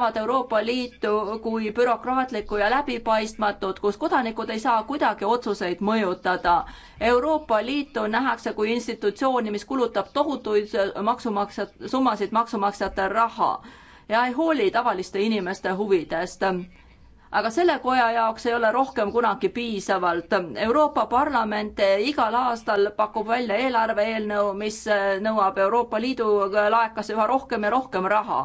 näevad Euroopa Liitu kui bürokraatlikku ja läbipaistmatut, kus kodanikud ei saa kuidagi otsuseid mõjutada. Euroopa Liitu nähakse kui institutsiooni, mis kulutab tohutuid maksumaksjat, summasid maksumaksjate raha ja ei hooli tavaliste inimeste huvidest aga selle koja jaoks ei ole rohkem kunagi piisavalt. Euroopa Parlament igal aastal pakub välja eelarve eelnõu, mis nõuab Euroopa Liidu laekasse üha rohkem ja rohkem raha.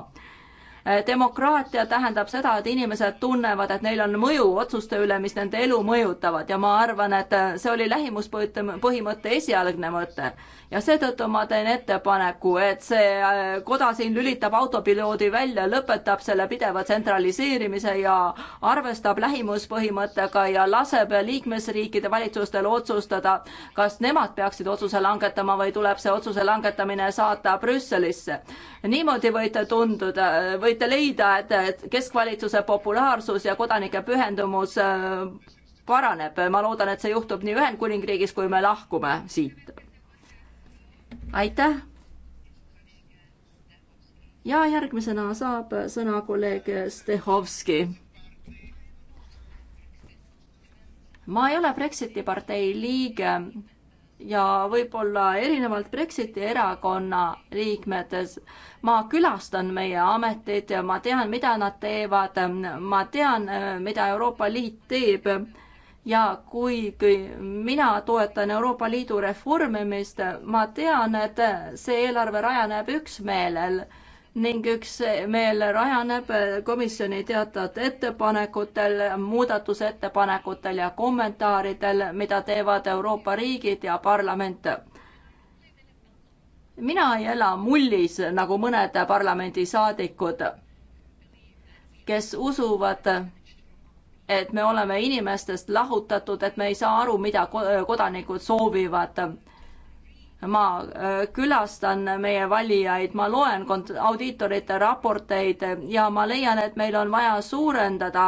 Eh, demokraatia tähendab seda, et inimesed tunnevad, et neil on mõju otsuste üle, mis nende elu mõjutavad ja ma arvan, et eh, see oli lähimuspõhimõtte esialgne mõte. ja seetõttu ma teen ettepaneku, et see eh, koda siin lülitab autopiloodi välja, lõpetab selle pideva tsentraliseerimise ja arvestab lähimuspõhimõttega ja laseb liikmesriikide valitsustel otsustada, kas nemad peaksid otsuse langetama või tuleb see otsuse langetamine saata Brüsselisse. niimoodi võite tunduda, või võite leida, et, et keskvalitsuse populaarsus ja kodanike pühendumus äh, paraneb. ma loodan, et see juhtub nii Ühendkuningriigis, kui me lahkume siit. aitäh. ja järgmisena saab sõna kolleeg Stehovski. ma ei ole Brexiti partei liige ja võib-olla erinevalt Brexiti erakonna liikmetes ma külastan meie ameteid ja ma tean, mida nad teevad, ma tean, mida Euroopa Liit teeb. ja kui, kui mina toetan Euroopa Liidu reformimist, ma tean, et see eelarve rajaneb üksmeelel ning üks meel rajaneb komisjoni teatud ettepanekutel, muudatusettepanekutel ja kommentaaridel, mida teevad Euroopa riigid ja parlament. mina ei ela mullis nagu mõned parlamendisaadikud, kes usuvad, et me oleme inimestest lahutatud, et me ei saa aru, mida kodanikud soovivad ma äh, külastan meie valijaid, ma loen audiitorite raporteid ja ma leian, et meil on vaja suurendada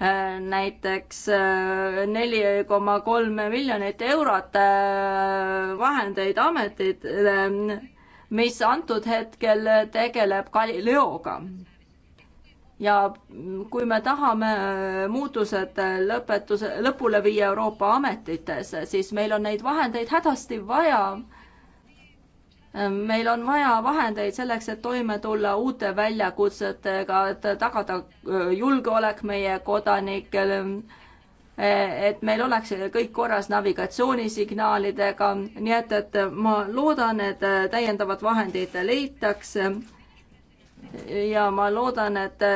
äh, näiteks äh, neli koma kolm miljonit eurot vahendeid ametitele, mis antud hetkel tegeleb Galileoga ja kui me tahame muutused lõpetuse, lõpule viia Euroopa ametites, siis meil on neid vahendeid hädasti vaja Ehm, meil on vaja vahendeid selleks, et toime tulla uute väljakutsetega, et tagada julgeolek meie kodanikele, e-, et meil oleks kõik korras navigatsioonisignaalidega, nii et, et ma loodan, et täiendavad vahendid leitakse ja ma loodan, et e,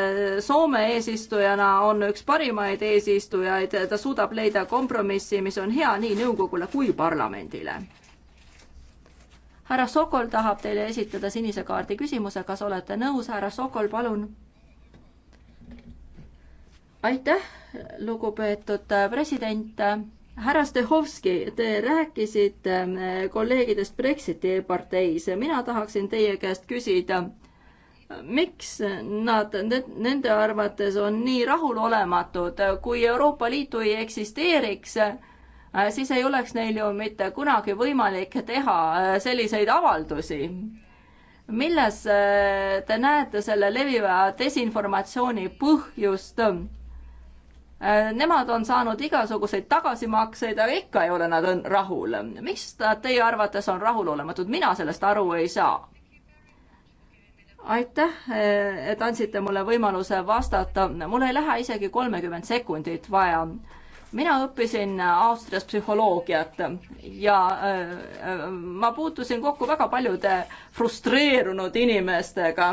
Soome eesistujana on üks parimaid eesistujaid, ta suudab leida kompromissi, mis on hea nii nõukogule kui parlamendile härra Sokol tahab teile esitada sinise kaardi küsimuse, kas olete nõus, härra Sokol, palun? aitäh, lugupeetud president. härra Stehovski, te rääkisite eh, kolleegidest Brexiti parteis. mina tahaksin teie käest küsida, miks nad nende arvates on nii rahulolematud, kui Euroopa Liitu ei eksisteeriks Äh, siis ei oleks neil ju mitte kunagi võimalik teha äh, selliseid avaldusi. milles äh, te näete selle leviva desinformatsiooni põhjust? Nemad on saanud igasuguseid tagasimakseid, aga ikka ei ole nad rahul. miks nad teie arvates on rahulolematud, mina sellest aru ei saa aitäh, et andsite mulle võimaluse vastata. mul ei lähe isegi kolmekümmend sekundit vaja mina õppisin Austrias psühholoogiat ja äh, äh, ma puutusin kokku väga paljude frustreerunud inimestega.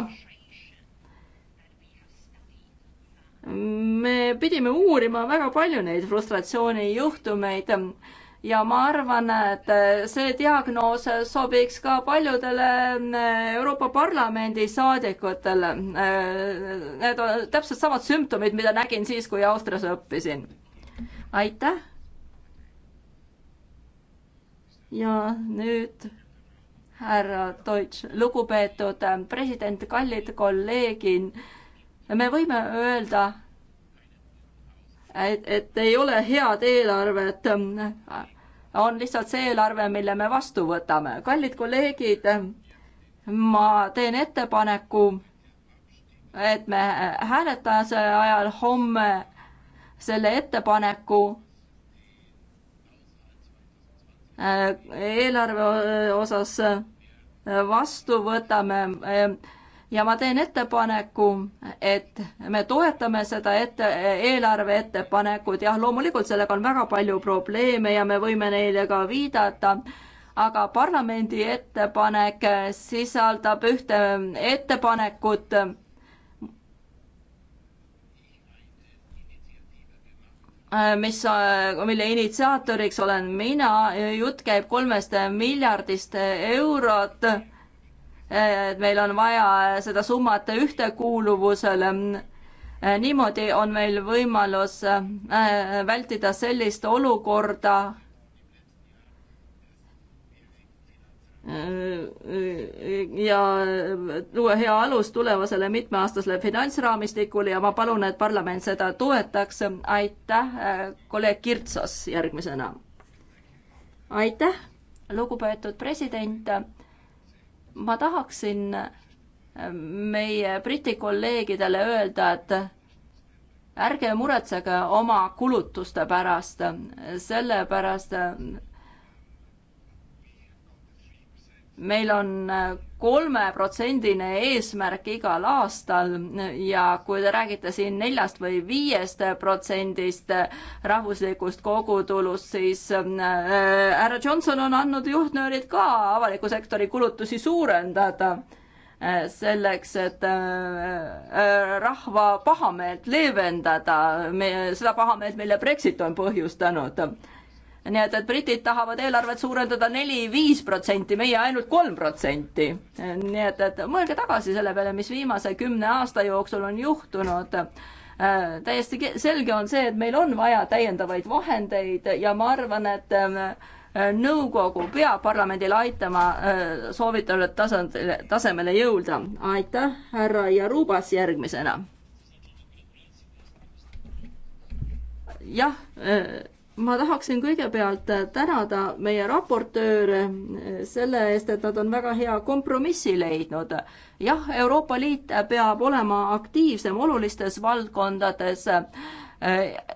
me pidime uurima väga palju neid frustratsioonijuhtumeid ja ma arvan, et see diagnoos sobiks ka paljudele äh, Euroopa Parlamendi saadikutele. Need on täpselt samad sümptomid, mida nägin siis, kui Austrias õppisin aitäh. ja nüüd härra Deutsch, lugupeetud äh, president, kallid kolleegid, me võime öelda, et, et ei ole head eelarvet, on lihtsalt see eelarve, mille me vastu võtame. kallid kolleegid, ma teen ettepaneku, et me hääletuse ajal homme selle ettepaneku äh, eelarve osas äh, vastu võtame äh, ja ma teen ettepaneku, et me toetame seda ette, eelarve ettepanekut, jah, loomulikult sellega on väga palju probleeme ja me võime neile ka viidata, aga parlamendi ettepanek sisaldab ühte ettepanekut, Äh, mis, äh, mille initsiaatoriks olen mina, jutt käib kolmest miljardist eurot. Äh, et meil on vaja seda summat ühtekuuluvusele. niimoodi on meil võimalus vältida sellist olukorda, ja luua hea alus tulevasele mitmeaastasele finantsraamistikule ja ma palun, et parlament seda toetaks. aitäh, kolleeg Kirtsos järgmisena. aitäh, lugupeetud president. ma tahaksin meie Briti kolleegidele öelda, et ärge muretsege oma kulutuste pärast, sellepärast meil on äh, kolmeprotsendine eesmärk igal aastal ja kui te räägite siin neljast või viiest protsendist rahvuslikust kogutulust, siis äh, härra Johnson on andnud juhtnöörid ka avaliku sektori kulutusi suurendada äh, selleks, et rahva pahameelt leevendada, seda pahameelt, mille Brexit on põhjustanud nii et, et britid tahavad eelarvet suurendada neli-viis protsenti, meie ainult kolm protsenti. nii et, et mõelge tagasi selle peale, mis viimase kümne aasta jooksul on juhtunud äh,. täiesti selge on see, et meil on vaja täiendavaid vahendeid ja ma arvan, et äh, nõukogu peab parlamendil aitama äh, ehm, soovitavale tasandile, tasemele jõuda. aitäh, härra Jarubas järgmisena. jah ehm, ma tahaksin kõigepealt tänada meie raportööre selle eest, et nad on väga hea kompromissi leidnud. jah, Euroopa Liit peab olema aktiivsem olulistes valdkondades äh,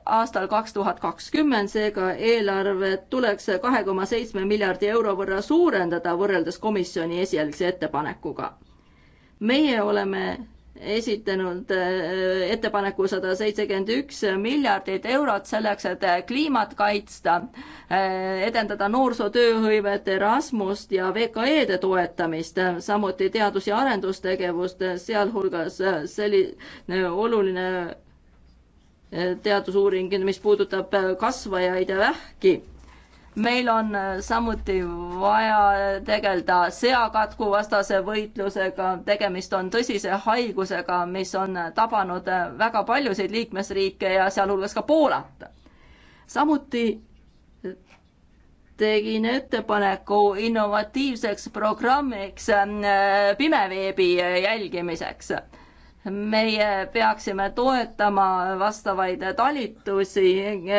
aastal kaks tuhat kakskümmend, seega eelarvet tuleks kahe koma seitsme miljardi euro võrra suurendada võrreldes komisjoni esialgse ettepanekuga. meie oleme esitanud äh, ettepaneku sada seitsekümmend üks miljardit eurot selleks, et äh, kliimat kaitsta, äh, edendada noorsootööhõivet, Erasmust ja VKE-de toetamist, samuti teadus- ja arendustegevust, sealhulgas selline oluline teadusuuring, mis puudutab kasvajaid ja vähki meil on äh, samuti vaja tegeleda seakatku vastase võitlusega, tegemist on tõsise haigusega, mis on äh, tabanud äh, väga paljusid liikmesriike ja sealhulgas ka Poolat. samuti tegin ettepaneku innovatiivseks programmiks pimeveebi jälgimiseks meie peaksime toetama vastavaid talitusi,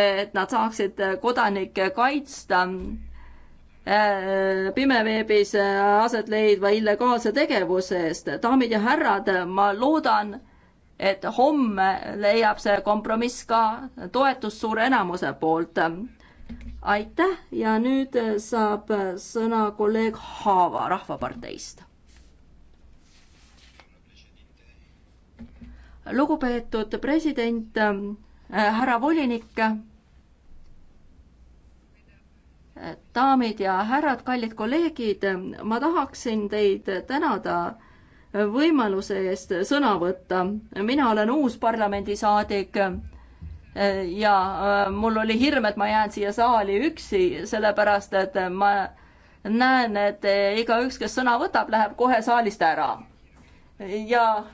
et nad saaksid kodanikke kaitsta äh, pimeveebis aset leidva illegaalse tegevuse eest. daamid ja härrad, ma loodan, et homme leiab see kompromiss ka toetust suure enamuse poolt. aitäh ja nüüd saab sõna kolleeg Haava Rahvaparteist lugupeetud president, äh, härra volinik, daamid ja härrad, kallid kolleegid, ma tahaksin teid tänada võimaluse eest sõna võtta. mina olen uus parlamendisaadik ja äh, mul oli hirm, et ma jään siia saali üksi, sellepärast et ma näen, et igaüks, kes sõna võtab, läheb kohe saalist ära. ja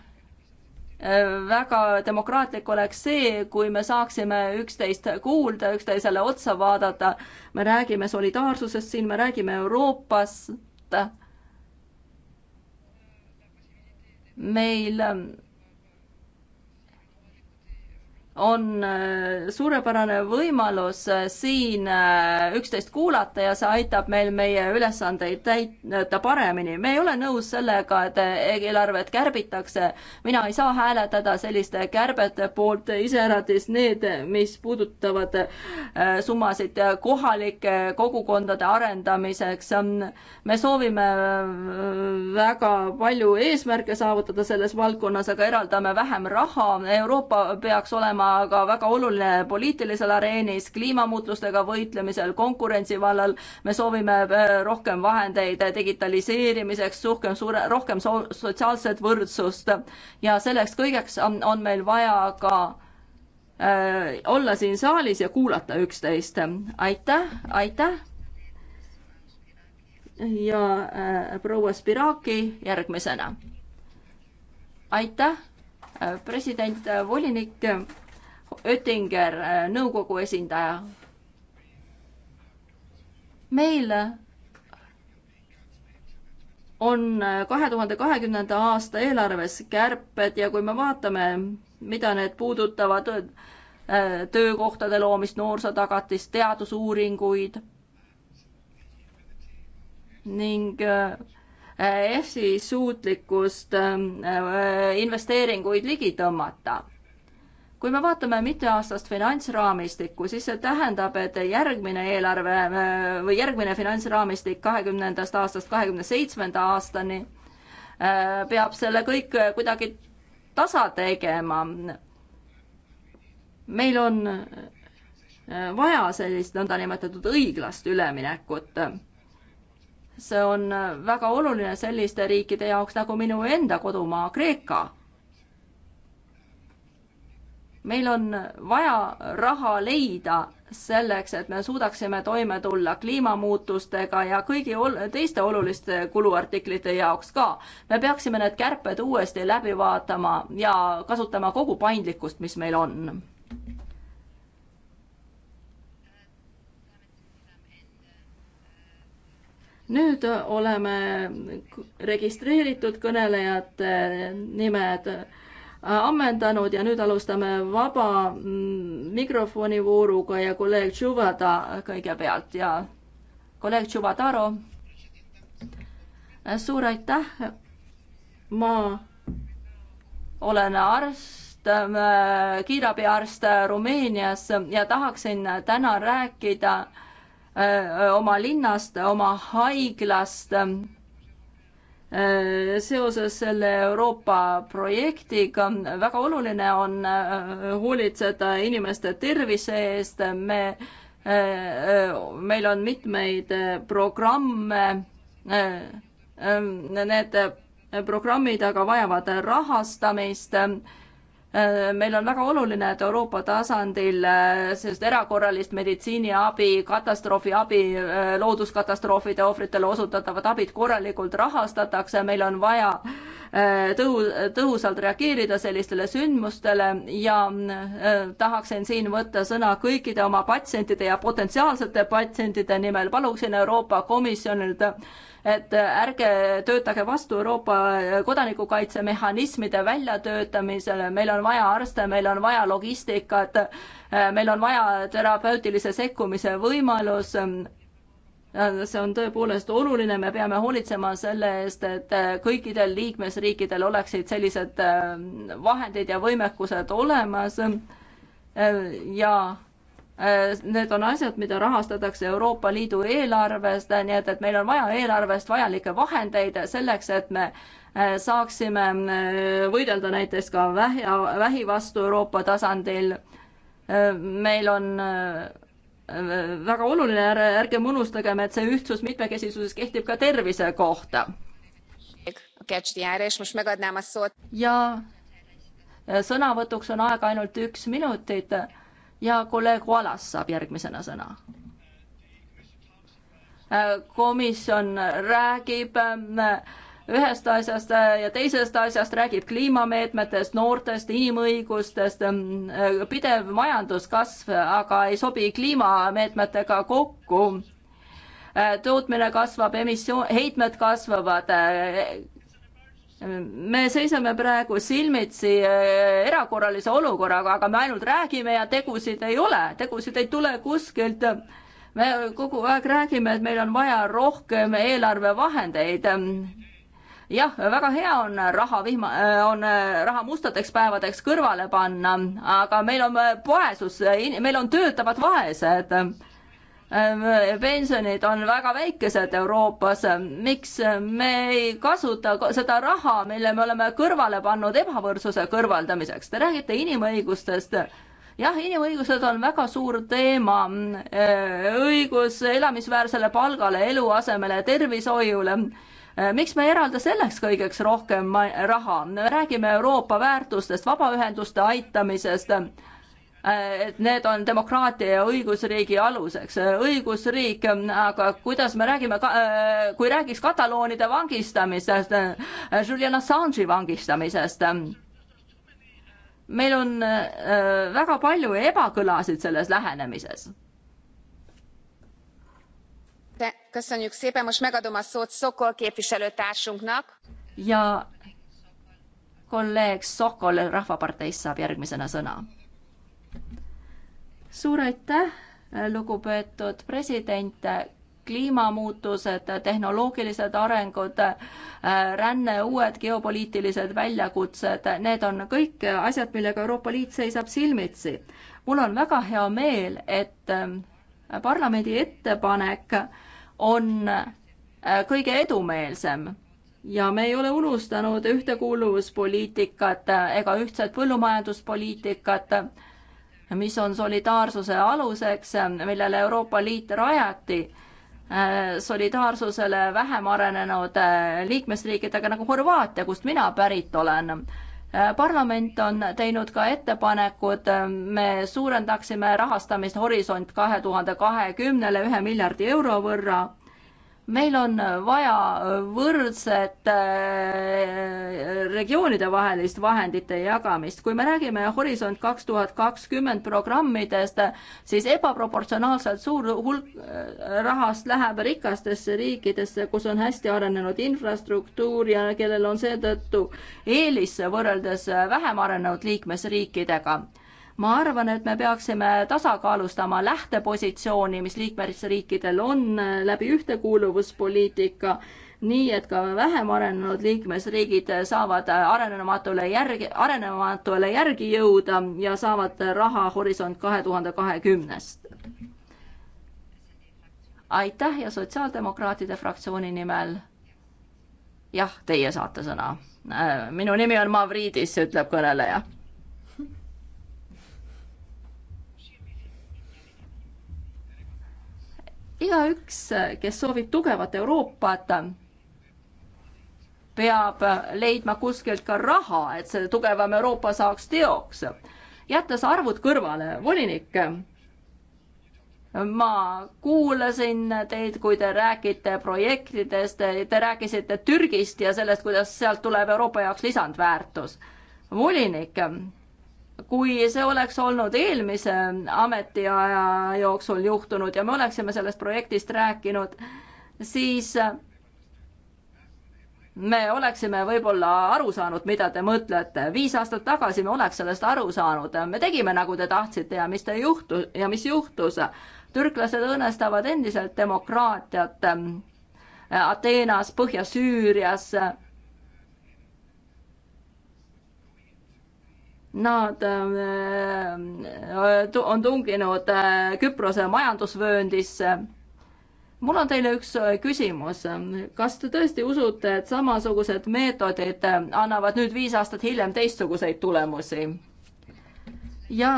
väga demokraatlik oleks see, kui me saaksime üksteist kuulda, üksteisele otsa vaadata. me räägime solidaarsusest siin, me räägime Euroopast. meil on äh, suurepärane võimalus äh, siin äh, üksteist kuulata ja see aitab meil meie ülesandeid täita paremini. me ei ole nõus sellega, et eelarvet kärbitakse. mina ei saa hääletada selliste kärbete poolt, iseäratis need, mis puudutavad summasid kohalike kogukondade arendamiseks. me soovime väga palju eesmärke saavutada selles valdkonnas, aga eraldame vähem raha. Euroopa peaks olema olema aga väga oluline poliitilisel areenis, kliimamuutustega võitlemisel, konkurentsi vallal. me soovime äh, rohkem vahendeid digitaliseerimiseks, rohkem suure, rohkem so sotsiaalset võrdsust ja selleks kõigeks on, ähm, on meil vaja ka äh, olla siin saalis ja kuulata üksteist. aitäh, aitäh. ja äh, proua Spiraki järgmisena. aitäh äh, president, äh, volinik Oettinger, äh, nõukogu esindaja. meil on äh, kahe tuhande kahekümnenda aasta eelarves kärped ja kui me vaatame, mida need puudutavad, äh, töökohtade loomist, noorsootagatist, teadusuuringuid ning EFSi suutlikkust investeeringuid ligi tõmmata kui me vaatame mitmeaastast finantsraamistikku, siis see tähendab, et järgmine eelarve äh, või järgmine finantsraamistik kahekümnendast aastast kahekümne seitsmenda aastani äh, peab selle kõik kuidagi tasa tegema. meil on äh, vaja sellist nõndanimetatud õiglast üleminekut. see on väga oluline selliste riikide jaoks nagu minu enda kodumaa Kreeka meil on vaja raha leida selleks, et me suudaksime toime tulla kliimamuutustega ja kõigi ol teiste oluliste kuluartiklite jaoks ka. me peaksime need kärped uuesti läbi vaatama ja kasutama kogu paindlikkust, mis meil on. nüüd oleme registreeritud kõnelejate nimed Äh, ammendanud ja nüüd alustame vaba mm, mikrofoni vooruga ja kolleeg Tšuvada kõigepealt ja kolleeg Tšuvataro. Äh, suur aitäh. ma olen arst, äh, kiirabiarst Rumeenias ja tahaksin täna rääkida oma linnast, oma haiglast Äh, seoses selle Euroopa projektiga väga oluline on äh, hoolitseda inimeste tervise eest, me, äh, meil on mitmeid programme, ähm, need programmid aga vajavad rahastamist Äh, meil on väga oluline, et Euroopa tasandil äh, sellist erakorralist meditsiiniabi, katastroofiabi, äh, looduskatastroofide ohvritele osutatavat abid korralikult rahastatakse, meil on vaja tõhu-, tõhusalt reageerida sellistele sündmustele ja tahaksin siin võtta sõna kõikide oma patsientide ja potentsiaalsete patsientide nimel, paluksin Euroopa Komisjonilt et ärge töötage vastu Euroopa kodanikukaitsemehhanismide väljatöötamisele, meil on vaja arste, meil on vaja logistikat, meil on vaja terapeutilise sekkumise võimalus, see on tõepoolest oluline, me peame hoolitsema selle eest, et kõikidel liikmesriikidel oleksid sellised vahendid ja võimekused olemas ja Need on asjad, mida rahastatakse Euroopa Liidu eelarvest, nii et, et meil on vaja eelarvest vajalikke vahendeid selleks, et me äh, saaksime äh, võidelda näiteks ka vähi, vähi vastu Euroopa tasandil. Äh, meil on väga oluline, ärgem unustagem, et see ühtsus mitmekesisuses kehtib ka tervise kohta. ja sõnavõtuks on aega ainult üks minutit ja kolleeg Wallace saab järgmisena sõna. Äh, komisjon räägib äh, ühest asjast äh, ja teisest asjast, räägib kliimameetmetest, noortest, inimõigustest, ähm, pidev majanduskasv, aga ei sobi kliimameetmetega kokku. tootmine kasvab, emissioon, heitmed kasvavad, me seisame praegu silmitsi äh, erakorralise olukorraga, aga me ainult räägime ja tegusid ei ole, tegusid ei tule kuskilt. me kogu aeg räägime, et meil on vaja rohkem eelarvevahendeid. jah, väga hea on raha vihma, äh, on äh, raha mustadeks päevadeks kõrvale panna, aga meil on vaesus, meil on töötavad vaesed Ehm, pensionid on väga väikesed Euroopas, miks me ei kasuta seda raha, mille me oleme kõrvale pannud ebavõrdsuse kõrvaldamiseks, te räägite inimõigustest, jah, inimõigused on väga suur teema, ehm, õigus elamisväärsele palgale, eluasemele, tervishoiule ehm, miks me ei eralda selleks kõigeks rohkem raha, räägime Euroopa väärtustest, vabaühenduste aitamisest Äh, et need on demokraatia ja õigusriigi aluseks. Äh, õigusriik, äh, aga kuidas me räägime, kui räägiks kataloonide vangistamisest, Julian Assange'i vangistamisest, meil on väga palju ebakõlasid selles lähenemises. köszönjük szépen, most megadom a szót Szokol képviselőtársunknak. ja kolleeg Sokol Rahvaparteist saab järgmisena sõna suur aitäh, lugupeetud president, kliimamuutused, tehnoloogilised arengud, ränne, uued geopoliitilised väljakutsed, need on kõik asjad, millega Euroopa Liit seisab silmitsi. mul on väga hea meel, et ähm, parlamendi ettepanek on äh, kõige edumeelsem ja me ei ole unustanud ühtekuuluvuspoliitikat ega ühtset põllumajanduspoliitikat mis on solidaarsuse aluseks, millele Euroopa Liit rajati, äh, solidaarsusele vähem arenenud äh, liikmesriikidega nagu Horvaatia, kust mina pärit olen. Äh, parlament on teinud ka ettepanekud, me suurendaksime rahastamist Horisont kahe tuhande kahekümnele ühe miljardi euro võrra meil on vaja võrdset äh, regioonide vahelist vahendite jagamist. kui me räägime Horisont kaks tuhat kakskümmend programmidest, siis ebaproportsionaalselt suur hulk äh, rahast läheb rikastesse riikidesse, kus on hästi arenenud infrastruktuur ja kellel on seetõttu eelis võrreldes vähem arenenud liikmesriikidega ma arvan, et me peaksime tasakaalustama lähtepositsiooni, mis liikmesriikidel on äh, läbi ühtekuuluvuspoliitika, nii et ka vähem arenenud liikmesriigid saavad äh, arenematule järgi, arenematule järgi jõuda ja saavad raha Horisont kahe tuhande kahekümnest. aitäh ja Sotsiaaldemokraatide fraktsiooni nimel. jah, teie saate sõna. Äh, minu nimi on Mavridis, ütleb kõneleja igaüks, kes soovib tugevat Euroopat, peab leidma kuskilt ka raha, et see tugevam Euroopa saaks teoks. jättes arvud kõrvale, volinik, ma kuulasin teid, kui te räägite projektidest, te rääkisite Türgist ja sellest, kuidas sealt tuleb Euroopa jaoks lisandväärtus. volinik kui see oleks olnud eelmise ametiaja jooksul juhtunud ja me oleksime sellest projektist rääkinud, siis me oleksime võib-olla aru saanud, mida te mõtlete. viis aastat tagasi me oleks sellest aru saanud, me tegime, nagu te tahtsite ja mis te juhtu- ja mis juhtus. türklased õõnestavad endiselt demokraatiat Ateenas, Põhja-Süürias Nad äh, äh, on tunginud äh, Küprose majandusvööndisse. mul on teile üks küsimus. kas te tõesti usute, et samasugused meetodid annavad nüüd viis aastat hiljem teistsuguseid tulemusi? ja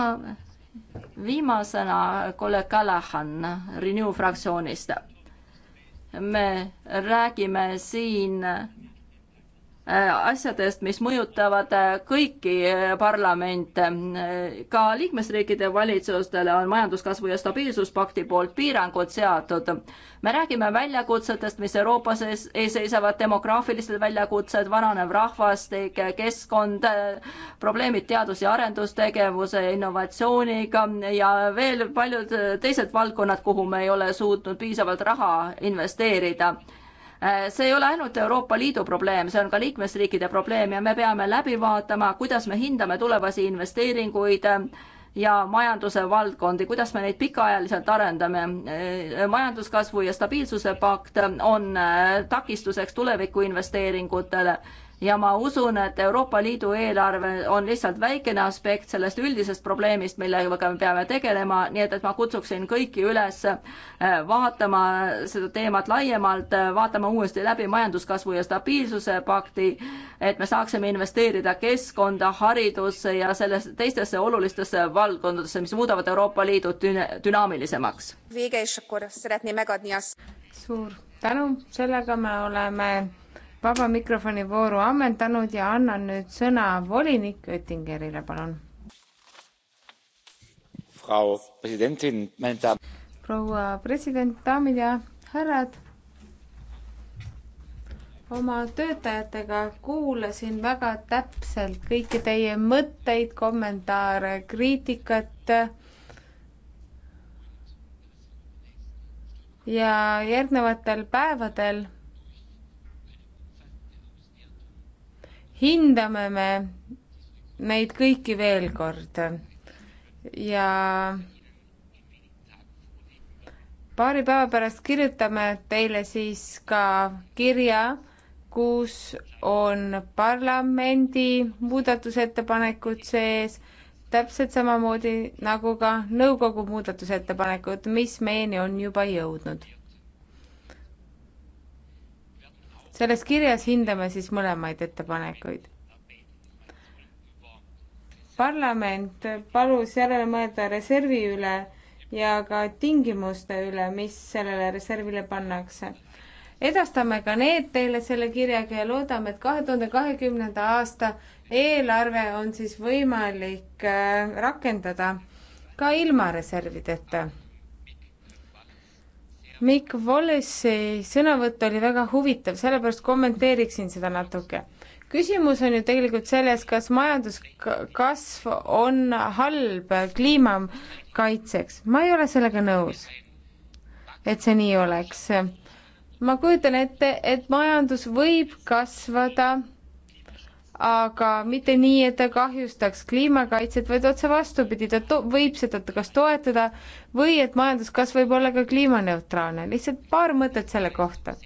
viimasena kolleeg Kalahan Renew fraktsioonist. me räägime siin Äh, asjadest, mis mõjutavad äh, kõiki äh, parlamente. ka liikmesriikide valitsustele on majanduskasvu ja stabiilsuspakti poolt piirangud seatud. me räägime väljakutsetest, mis Euroopas ees, ees seisavad, demograafilised väljakutsed, vananev rahvastik, keskkond, probleemid teadus- ja arendustegevuse, innovatsiooniga ja veel paljud teised valdkonnad, kuhu me ei ole suutnud piisavalt raha investeerida Äh, see ei ole ainult Euroopa Liidu probleem, see on ka liikmesriikide probleem ja me peame läbi vaatama, kuidas me hindame tulevasi investeeringuid äh, ja majanduse valdkondi, kuidas me neid pikaajaliselt arendame. Äh, majanduskasvu ja stabiilsuse pakt on takistuseks tuleviku investeeringutele ja ma usun, et Euroopa Liidu eelarve on lihtsalt väikene aspekt sellest üldisest probleemist, millega me peame tegelema, nii et, et ma kutsuksin kõiki üles äh, vaatama seda teemat laiemalt, äh, vaatama uuesti läbi majanduskasvu ja stabiilsuse pakti, et me saaksime investeerida keskkonda, haridusse ja sellesse teistesse olulistesse valdkondadesse, mis muudavad Euroopa Liidu dünaamilisemaks. suur tänu, sellega me oleme vaba mikrofoni vooru ammendanud ja annan nüüd sõna volinik Oettingerile, palun. proua president, daamid ja härrad. oma töötajatega kuulasin väga täpselt kõiki teie mõtteid, kommentaare, kriitikat ja järgnevatel päevadel hindame me neid kõiki veel kord ja paari päeva pärast kirjutame teile siis ka kirja, kus on parlamendi muudatusettepanekud sees täpselt samamoodi nagu ka nõukogu muudatusettepanekud, mis meieni on juba jõudnud. selles kirjas hindame siis mõlemaid ettepanekuid. parlament palus järele mõelda reservi üle ja ka tingimuste üle, mis sellele reservile pannakse. edastame ka need teile selle kirjaga ja loodame, et kahe tuhande kahekümnenda aasta eelarve on siis võimalik äh, rakendada ka ilma reservideta Mikk Wallisi sõnavõtt oli väga huvitav, sellepärast kommenteeriksin seda natuke. küsimus on ju tegelikult selles, kas majanduskasv on halb kliima kaitseks. ma ei ole sellega nõus, et see nii oleks. ma kujutan ette, et majandus võib kasvada aga mitte nii, et ta kahjustaks kliimakaitset, vaid otse vastupidi, ta to-, võib seda kas toetada või et majanduskasv võib olla ka kliimaneutraalne, lihtsalt paar mõtet selle kohta.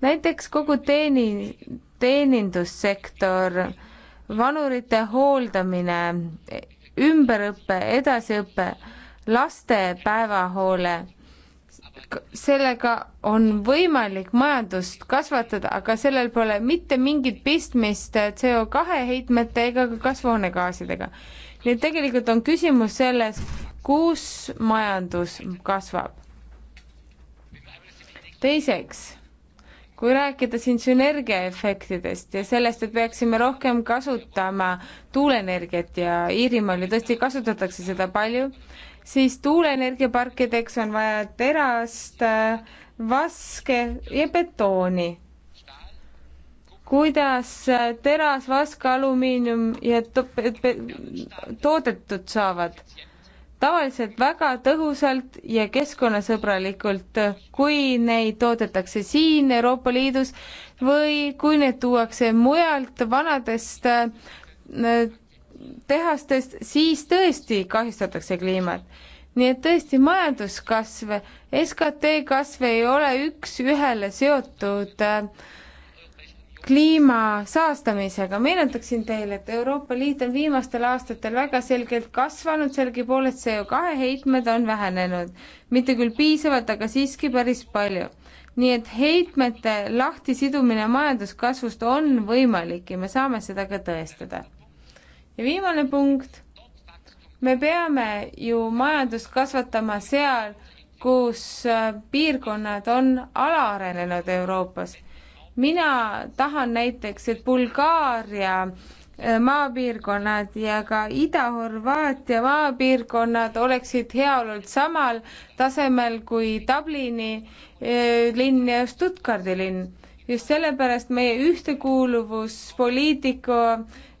näiteks kogu teeni-, teenindussektor, vanurite hooldamine, ümberõpe, edasiõpe, laste päevahoole sellega on võimalik majandust kasvatada, aga sellel pole mitte mingit pistmist CO2 heitmete ega ka kasvuhoonegaasidega. nii et tegelikult on küsimus selles, kus majandus kasvab. teiseks, kui rääkida siin sünergiaefektidest ja sellest, et peaksime rohkem kasutama tuuleenergiat ja Iirimaal ju tõesti kasutatakse seda palju, siis tuuleenergiaparkideks on vaja terast, vaske ja betooni kuidas teras, vask, alumiinium ja to toodetud saavad. tavaliselt väga tõhusalt ja keskkonnasõbralikult, kui neid toodetakse siin Euroopa Liidus või kui need tuuakse mujalt vanadest tehastest, siis tõesti kahjustatakse kliimat. nii et tõesti, majanduskasv, SKT kasv ei ole üks-ühele seotud äh, kliima saastamisega, meenutaksin teile, et Euroopa Liit on viimastel aastatel väga selgelt kasvanud, sellegipoolest CO2 heitmed on vähenenud. mitte küll piisavalt, aga siiski päris palju. nii et heitmete lahtisidumine majanduskasvust on võimalik ja me saame seda ka tõestada ja viimane punkt, me peame ju majandust kasvatama seal, kus äh, piirkonnad on alaarenenud Euroopas. mina tahan näiteks, et Bulgaaria äh, maapiirkonnad ja ka Ida-Horvaatia maapiirkonnad oleksid heaolult samal tasemel kui Dublini äh, linn ja Stuttgardi linn. just sellepärast meie ühtekuuluvuspoliitika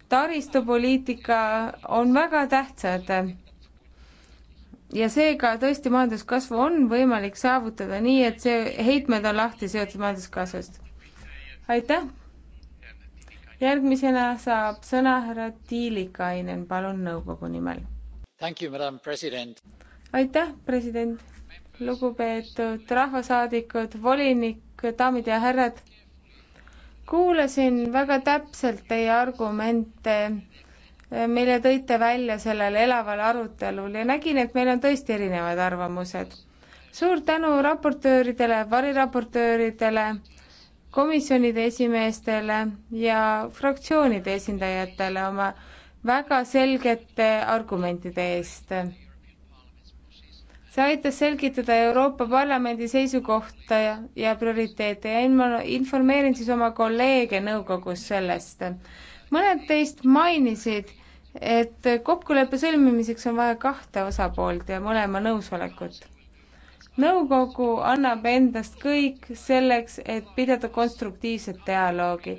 taristupoliitika on väga tähtsad ja seega tõesti majanduskasvu on võimalik saavutada nii, et see heitmed on lahti seotud majanduskasvust. aitäh! järgmisena saab sõna härra Tiilikainen, palun nõukogu nimel. aitäh, president! lugupeetud rahvasaadikud, volinik, daamid ja härrad kuulasin väga täpselt teie argumente, mille tõite välja sellel elaval arutelul ja nägin, et meil on tõesti erinevad arvamused. suur tänu raportööridele, variraportööridele, komisjonide esimeestele ja fraktsioonide esindajatele oma väga selgete argumentide eest see aitas selgitada Euroopa Parlamendi seisukohta ja, ja prioriteete ja ma informeerin siis oma kolleege nõukogus sellest. mõned teist mainisid, et kokkuleppe sõlmimiseks on vaja kahte osapoolt ja mõlema nõusolekut. nõukogu annab endast kõik selleks, et pidada konstruktiivset dialoogi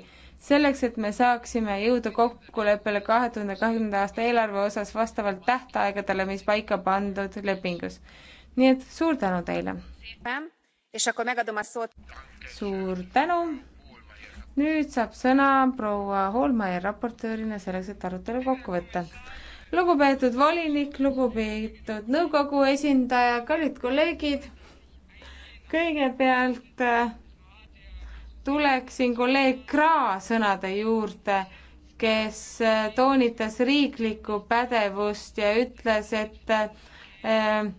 selleks, et me saaksime jõuda kokkuleppele kahe tuhande kahekümnenda aasta eelarve osas vastavalt tähtaegadele, mis paika pandud lepingus nii et suur tänu teile. suur tänu. nüüd saab sõna proua Holmaier raportöörina selleks, et arutelu kokku võtta lugupeetud volinik, lugupeetud nõukogu esindaja, kallid kolleegid. kõigepealt äh, tuleksin kolleeg Kra sõnade juurde, kes äh, toonitas riiklikku pädevust ja ütles, et äh,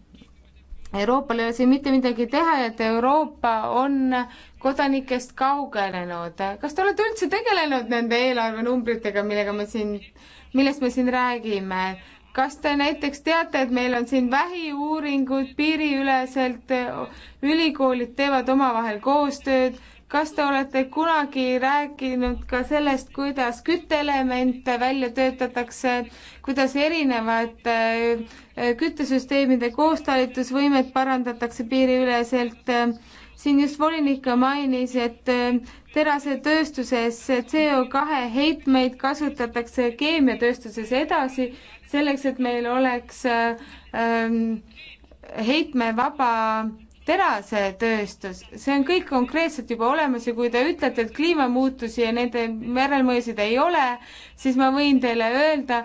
Euroopal ei ole siin mitte midagi teha ja et Euroopa on kodanikest kaugenenud. kas te olete üldse tegelenud nende eelarvenumbritega, millega me siin, millest me siin räägime? kas te näiteks teate, et meil on siin vähiuuringud piiriüleselt, ülikoolid teevad omavahel koostööd, kas te olete kunagi rääkinud ka sellest, kuidas kütteelemente välja töötatakse, kuidas erinevate äh, küttesüsteemide koostalitusvõimet parandatakse piiriüleselt? siin just volinik ka mainis, et äh, terasetööstuses CO kahe heitmeid kasutatakse keemiatööstuses edasi selleks, et meil oleks äh, ähm, heitmevaba äh, terasetööstus, see on kõik konkreetselt juba olemas ja kui te ütlete, et kliimamuutusi ja nende järelmõjusid ei ole, siis ma võin teile öelda,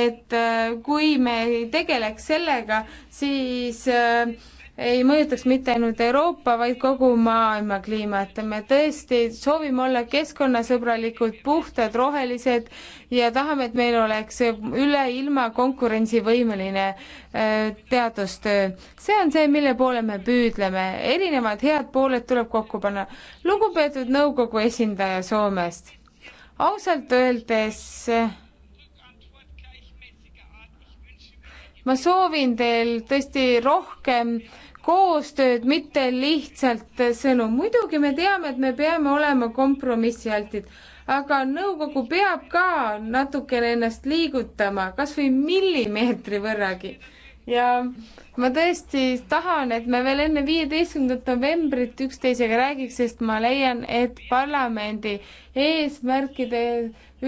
et äh, kui me ei tegeleks sellega, siis äh, ei mõjutaks mitte ainult Euroopa, vaid kogu maailma kliimat. me tõesti soovime olla keskkonnasõbralikud, puhtad, rohelised ja tahame, et meil oleks üle ilma konkurentsivõimeline äh, teadustöö. see on see, mille poole me püüdleme. erinevad head pooled tuleb kokku panna. lugupeetud nõukogu esindaja Soomest, ausalt öeldes ma soovin teil tõesti rohkem äh, koostööd, mitte lihtsalt sõnu. muidugi me teame, et me peame olema kompromissialtid, aga nõukogu peab ka natukene ennast liigutama, kas või millimeetri võrragi. ja ma tõesti tahan, et me veel enne viieteistkümnendat novembrit üksteisega räägiks, sest ma leian, et parlamendi eesmärkide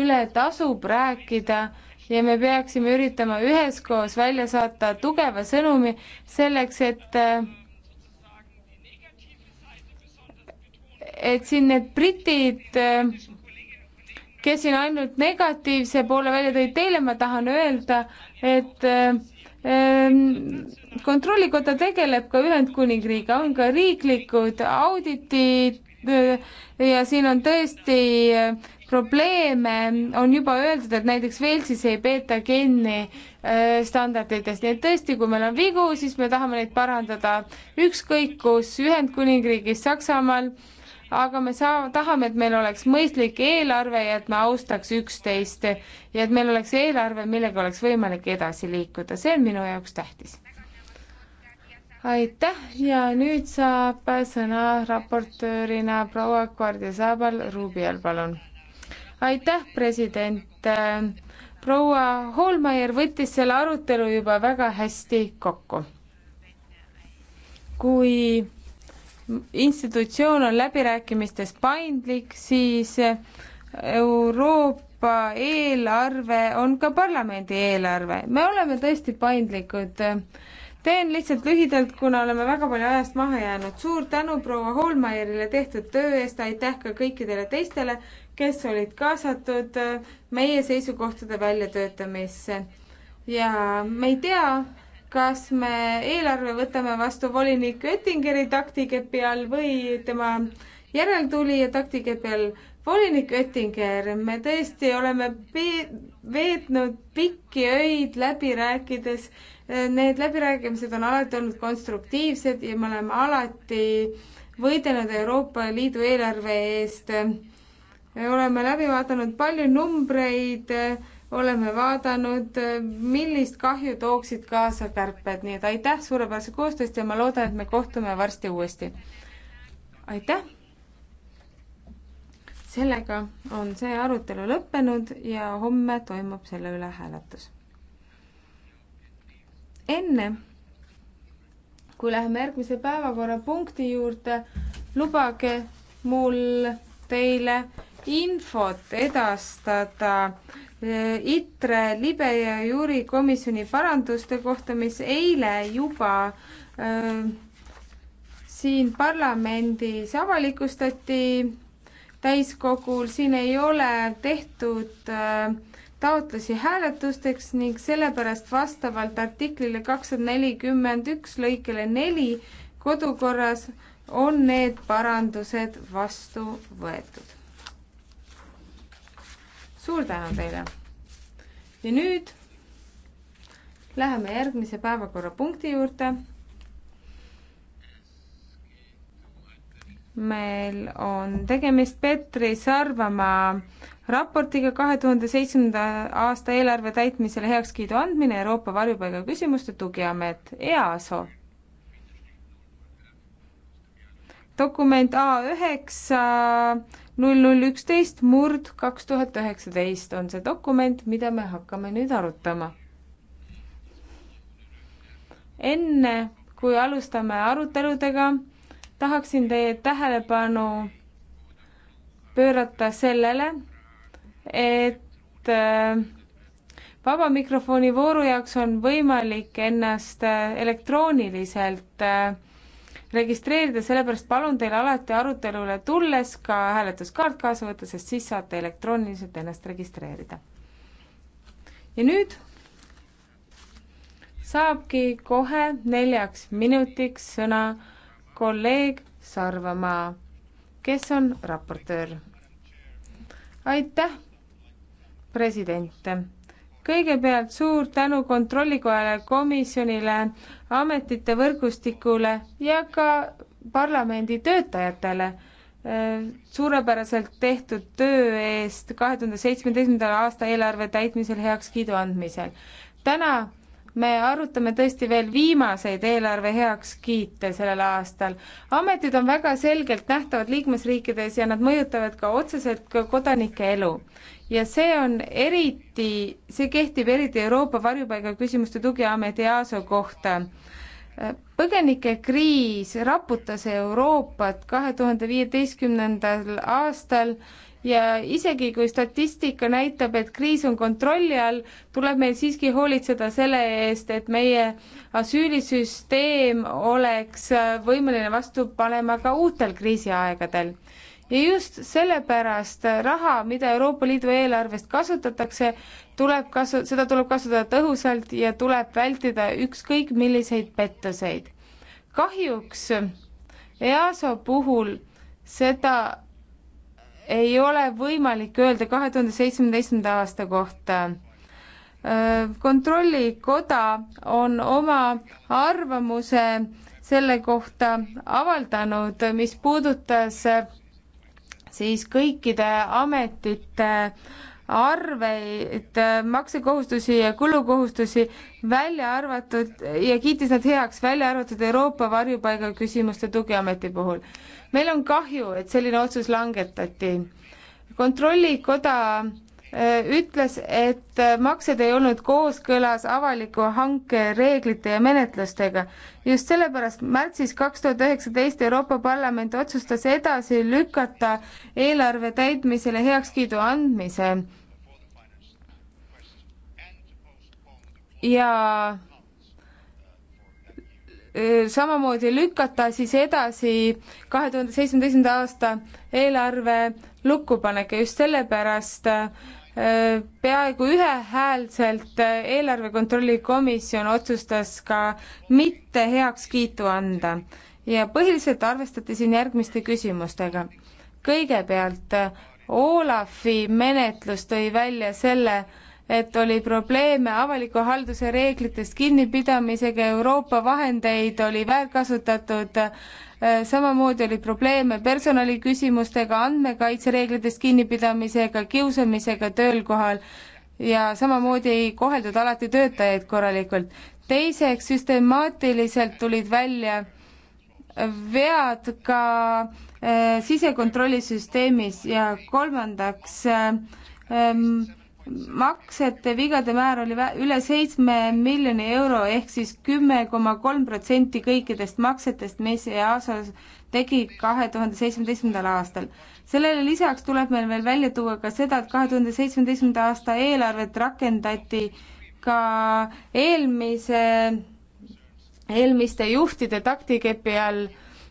üle tasub rääkida ja me peaksime üritama üheskoos välja saata tugeva sõnumi selleks, et et siin need britid, kes siin ainult negatiivse poole välja tõid, teile ma tahan öelda, et ähm, kontrollikoda tegeleb ka Ühendkuningriigiga, on ka riiklikud auditid äh, ja siin on tõesti probleeme, on juba öeldud, et näiteks Velsis ei peeta kinni äh, standarditest, nii et tõesti, kui meil on vigu, siis me tahame neid parandada ükskõik kus Ühendkuningriigis, Saksamaal, aga me saa-, tahame, et meil oleks mõistlik eelarve ja et me austaks üksteist ja et meil oleks eelarve, millega oleks võimalik edasi liikuda, see on minu jaoks tähtis. aitäh ja nüüd saab sõna raportöörina proua Guardiasabal Rubial, palun aitäh, president. proua Hoolmeier võttis selle arutelu juba väga hästi kokku. kui institutsioon on läbirääkimistes paindlik, siis Euroopa eelarve on ka parlamendi eelarve, me oleme tõesti paindlikud. teen lihtsalt lühidalt, kuna oleme väga palju ajast maha jäänud, suur tänu proua Holmeierile tehtud töö eest, aitäh ka kõikidele teistele, kes olid kaasatud äh, meie seisukohtade väljatöötamisse. ja me ei tea, kas me eelarve võtame vastu volinik Oettingeri taktikepi all või tema järeltulija taktikepi all. volinik Oettinger, me tõesti oleme veetnud pikki öid läbi rääkides. Äh, need läbirääkimised on alati olnud konstruktiivsed ja me oleme alati võidelnud Euroopa Liidu eelarve eest oleme läbi vaadanud palju numbreid, oleme vaadanud, millist kahju tooksid kaasa kärped, nii et aitäh suurepärase koostööst ja ma loodan, et me kohtume varsti uuesti. aitäh! sellega on see arutelu lõppenud ja homme toimub selle üle hääletus. enne kui läheme järgmise päevakorrapunkti juurde, lubage mul teile infot edastada eh, ITRE, libe ja juuri komisjoni paranduste kohta, mis eile juba äh, siin parlamendis avalikustati täiskogul, siin ei ole tehtud äh, taotlusi hääletusteks ning sellepärast vastavalt artiklile kakssada nelikümmend üks lõikele neli kodukorras on need parandused vastu võetud suur tänu teile. ja nüüd läheme järgmise päevakorrapunkti juurde. meil on tegemist Petri Sarvamaa raportiga kahe tuhande seitsmenda aasta eelarve täitmisele heakskiidu andmine Euroopa varjupaiga küsimuste tugiamet EASO. dokument A üheksa null null üksteist murd kaks tuhat üheksateist on see dokument, mida me hakkame nüüd arutama. enne kui alustame aruteludega, tahaksin teie tähelepanu pöörata sellele, et äh, vaba mikrofoni vooru jaoks on võimalik ennast äh, elektrooniliselt äh, registreerida, sellepärast palun teil alati arutelule tulles ka hääletuskaart kaasa võtta, sest siis saate elektrooniliselt ennast registreerida. ja nüüd saabki kohe neljaks minutiks sõna kolleeg Sarvamaa, kes on raportöör. aitäh, president kõigepealt suur tänu Kontrollikojale, komisjonile, ametite võrgustikule ja ka parlamendi töötajatele äh, suurepäraselt tehtud töö eest kahe tuhande seitsmeteistkümnenda aasta eelarve täitmisel heakskiidu andmisel. täna me arutame tõesti veel viimaseid eelarve heakskiite sellel aastal. ametid on väga selgelt nähtavad liikmesriikides ja nad mõjutavad ka otseselt ka kodanike elu. ja see on eriti, see kehtib eriti Euroopa varjupaigaküsimuste tugiameti EASO kohta. põgenikekriis raputas Euroopat kahe tuhande viieteistkümnendal aastal ja isegi kui statistika näitab, et kriis on kontrolli all, tuleb meil siiski hoolitseda selle eest, et meie asüülisüsteem oleks võimeline vastu panema ka uutel kriisiaegadel. ja just sellepärast raha, mida Euroopa Liidu eelarvest kasutatakse, tuleb kasu-, seda tuleb kasutada tõhusalt ja tuleb vältida ükskõik milliseid pettuseid. kahjuks EASO puhul seda ei ole võimalik öelda kahe tuhande seitsmeteistkümnenda aasta kohta. Äh, kontrollikoda on oma arvamuse selle kohta avaldanud, mis puudutas äh, siis kõikide ametite arveid, äh, maksekohustusi ja kulukohustusi välja arvatud ja kiitis nad heaks, välja arvatud Euroopa varjupaiga küsimuste tugiameti puhul meil on kahju, et selline otsus langetati. kontrollikoda äh, ütles, et äh, maksed ei olnud kooskõlas avaliku hanke reeglite ja menetlustega. just sellepärast märtsis kaks tuhat üheksateist Euroopa Parlament otsustas edasi lükata eelarve täitmisele heakskiidu andmise ja samamoodi lükata siis edasi kahe tuhande seitsmeteistkümnenda aasta eelarve lukkupanek ja just sellepärast peaaegu ühehäälselt eelarve kontrolli komisjon otsustas ka mitte heakskiitu anda ja põhiliselt arvestati siin järgmiste küsimustega. kõigepealt Olafi menetlus tõi välja selle, et oli probleeme avaliku halduse reeglitest kinnipidamisega, Euroopa vahendeid oli väärkasutatud, äh, samamoodi oli probleeme personaliküsimustega, andmekaitsereeglitest kinnipidamisega, kiusamisega töökohal ja samamoodi ei koheldud alati töötajaid korralikult. teiseks, süstemaatiliselt tulid välja vead ka äh, sisekontrollisüsteemis ja kolmandaks äh, ähm, maksete vigade määr oli üle seitsme miljoni euro ehk siis kümme koma kolm protsenti kõikidest maksetest, mis EASO-s tegi kahe tuhande seitsmeteistkümnendal aastal. sellele lisaks tuleb meil veel välja tuua ka seda, et kahe tuhande seitsmeteistkümnenda aasta eelarvet rakendati ka eelmise, eelmiste juhtide taktikepi all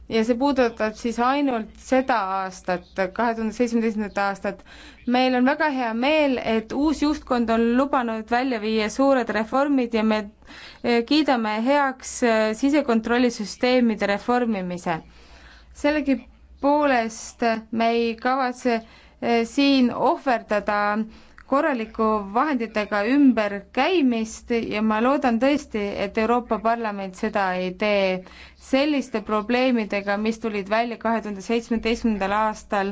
ja see puudutab siis ainult seda aastat, kahe tuhande seitsmeteistkümnendat aastat. meil on väga hea meel, et uus juhtkond on lubanud välja viia suured reformid ja me eh, kiidame heaks eh, sisekontrollisüsteemide reformimise. sellegipoolest me ei kavatse eh, siin ohverdada äh, korralikku vahenditega ümberkäimist ja ma loodan tõesti, et Euroopa Parlament seda ei tee selliste probleemidega, mis tulid välja kahe tuhande seitsmeteistkümnendal aastal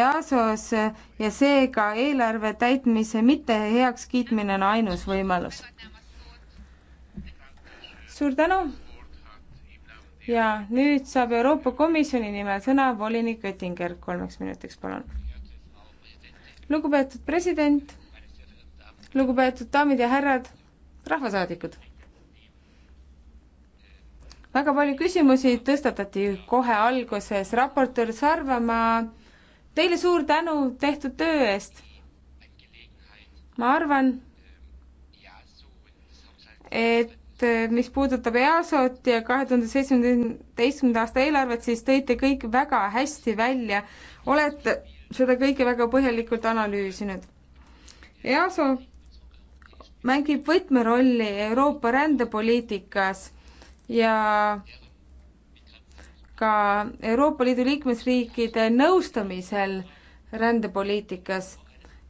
EASO-s ja seega eelarve täitmise mitte heakskiitmine on ainus võimalus. suur tänu ja nüüd saab Euroopa Komisjoni nimel sõna volinik Oettinger kolmeks minutiks, palun lugupeetud president, lugupeetud daamid ja härrad, rahvasaadikud. väga palju küsimusi tõstatati kohe alguses, raportöör Sarvamaa, teile suur tänu tehtud töö eest. ma arvan, et mis puudutab EASO-t ja kahe tuhande seitsmeteistkümnenda aasta eelarvet, siis tõite kõik väga hästi välja. olete seda kõike väga põhjalikult analüüsinud. EASO mängib võtmerolli Euroopa rändepoliitikas ja ka Euroopa Liidu liikmesriikide nõustamisel rändepoliitikas.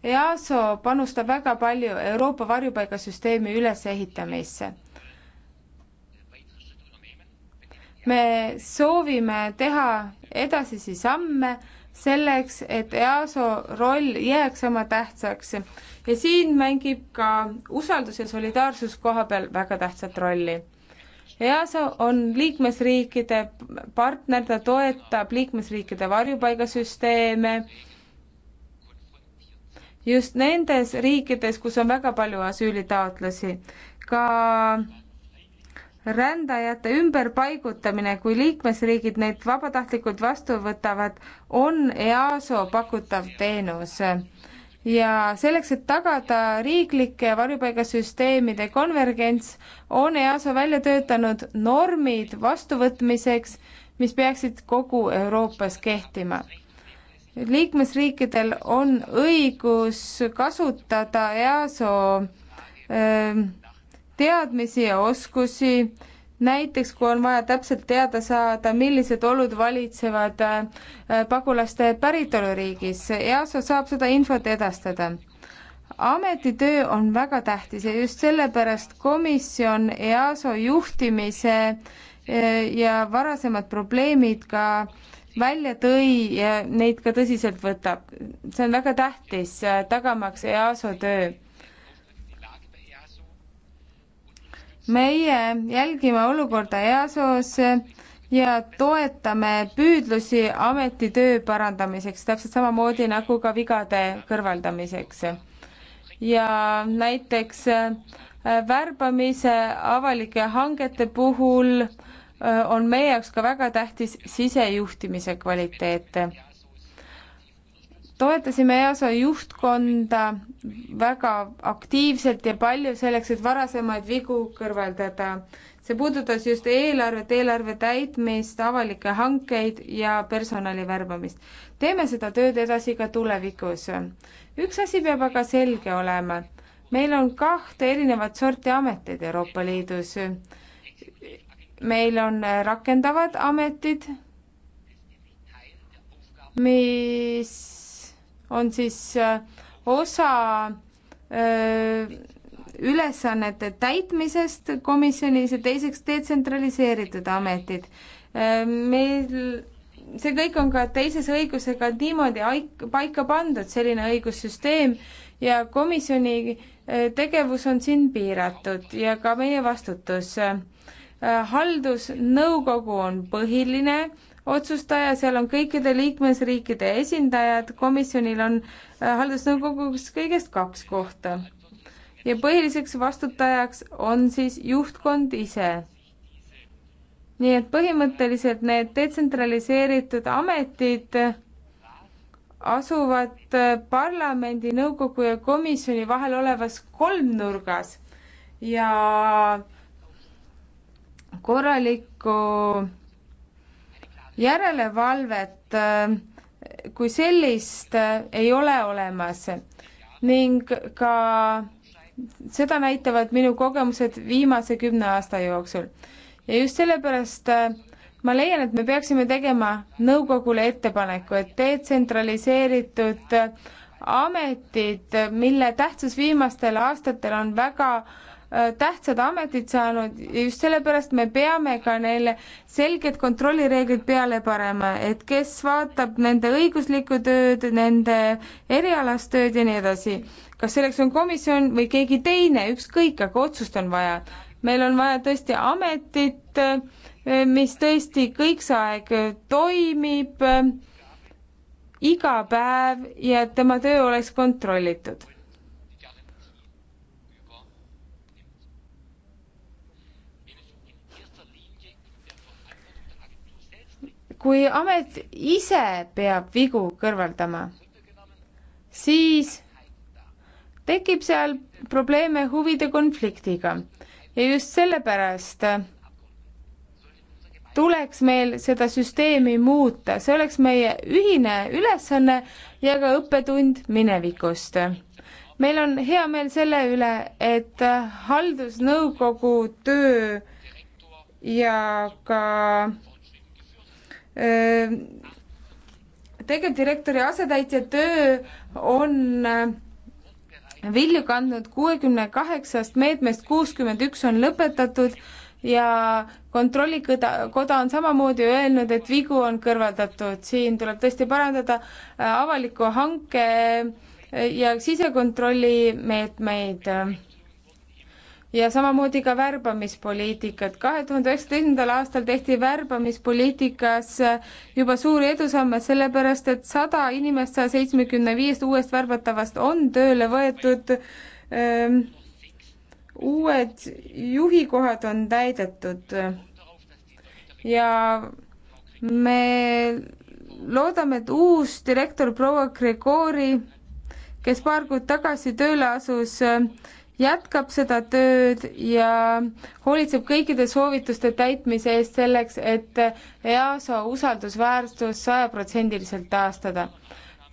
EASO panustab väga palju Euroopa varjupaigasüsteemi ülesehitamisse me soovime teha edasisi samme selleks, et EASO roll jääks sama tähtsaks. ja siin mängib ka usaldus ja solidaarsus koha peal väga tähtsat rolli. EASO on liikmesriikide partner, ta toetab liikmesriikide varjupaigasüsteeme just nendes riikides, kus on väga palju asüülitaotlusi. ka rändajate ümberpaigutamine, kui liikmesriigid neid vabatahtlikult vastu võtavad, on EASO pakutav teenus. ja selleks, et tagada riiklike varjupaigasüsteemide konvergents, on EASO välja töötanud normid vastuvõtmiseks, mis peaksid kogu Euroopas kehtima liikmesriikidel on õigus kasutada EASO öö, ähm, teadmisi ja oskusi, näiteks kui on vaja täpselt teada saada, millised olud valitsevad äh, pagulaste päritoluriigis, EASO saab seda infot edastada. ametitöö on väga tähtis ja just sellepärast komisjon EASO juhtimise äh, ja varasemad probleemid ka välja tõi ja neid ka tõsiselt võtab. see on väga tähtis, äh, tagamaks EASO töö meie jälgime olukorda EASO-s ja toetame püüdlusi ametitöö parandamiseks, täpselt samamoodi nagu ka vigade kõrvaldamiseks. ja näiteks äh, värbamise avalike hangete puhul äh, on meie jaoks ka väga tähtis sisejuhtimise kvaliteet toetasime EASO juhtkonda väga aktiivselt ja palju selleks, et varasemaid vigu kõrvaldada. see puudutas just eelarvet, eelarve täitmist, avalikke hankeid ja personali värbamist. teeme seda tööd edasi ka tulevikus. üks asi peab aga selge olema. meil on kahte erinevat sorti ameteid Euroopa Liidus. meil on rakendavad ametid, mis on siis äh, osa äh, ülesannete täitmisest komisjonis ja teiseks detsentraliseeritud ametid. Äh, meil see kõik on ka teises õigusega niimoodi paika pandud, selline õigussüsteem ja komisjoni tegevus on siin piiratud ja ka meie vastutus. haldusnõukogu on põhiline otsustaja, seal on kõikide liikmesriikide esindajad, komisjonil on äh, haldusnõukogus kõigest kaks kohta. ja põhiliseks vastutajaks on siis juhtkond ise. nii et põhimõtteliselt need detsentraliseeritud ametid asuvad äh, parlamendi, nõukogu ja komisjoni vahel olevas kolmnurgas ja korralikku järelevalvet äh, kui sellist äh, ei ole olemas ning ka seda näitavad minu kogemused viimase kümne aasta jooksul. ja just sellepärast äh, ma leian, et me peaksime tegema nõukogule ettepaneku, et detsentraliseeritud ametid, mille tähtsus viimastel aastatel on väga äh, Äh, tähtsad ametid saanud ja just sellepärast me peame ka neile selged kontrollireeglid peale panema, et kes vaatab nende õiguslikku tööd, nende erialast tööd ja nii edasi. kas selleks on komisjon või keegi teine, ükskõik, aga otsust on vaja. meil on vaja tõesti ametit, äh, mis tõesti kõik see aeg toimib äh, iga päev ja et tema töö oleks kontrollitud kui amet ise peab vigu kõrvaldama, siis tekib seal probleeme huvide konfliktiga ja just sellepärast tuleks meil seda süsteemi muuta, see oleks meie ühine ülesanne ja ka õppetund minevikust. meil on hea meel selle üle, et haldusnõukogu töö ja ka tegevdirektori asetäitja töö on vilju kandnud kuuekümne kaheksast meetmest kuuskümmend üks on lõpetatud ja kontrollikoda, koda on samamoodi öelnud, et vigu on kõrvaldatud, siin tuleb tõesti parandada avaliku hanke ja sisekontrolli meetmeid ja samamoodi ka värbamispoliitikat. kahe tuhande üheksateistkümnendal aastal tehti värbamispoliitikas juba suuri edusamme, sellepärast et sada inimest saja seitsmekümne viiest uuest värvatavast on tööle võetud ähm,. uued juhikohad on täidetud ja me loodame, et uus direktor proua Gregori, kes paar kuud tagasi tööle asus äh,, jätkab seda tööd ja hoolitseb kõikide soovituste täitmise eest selleks, et EASO usaldusväärsus sajaprotsendiliselt taastada.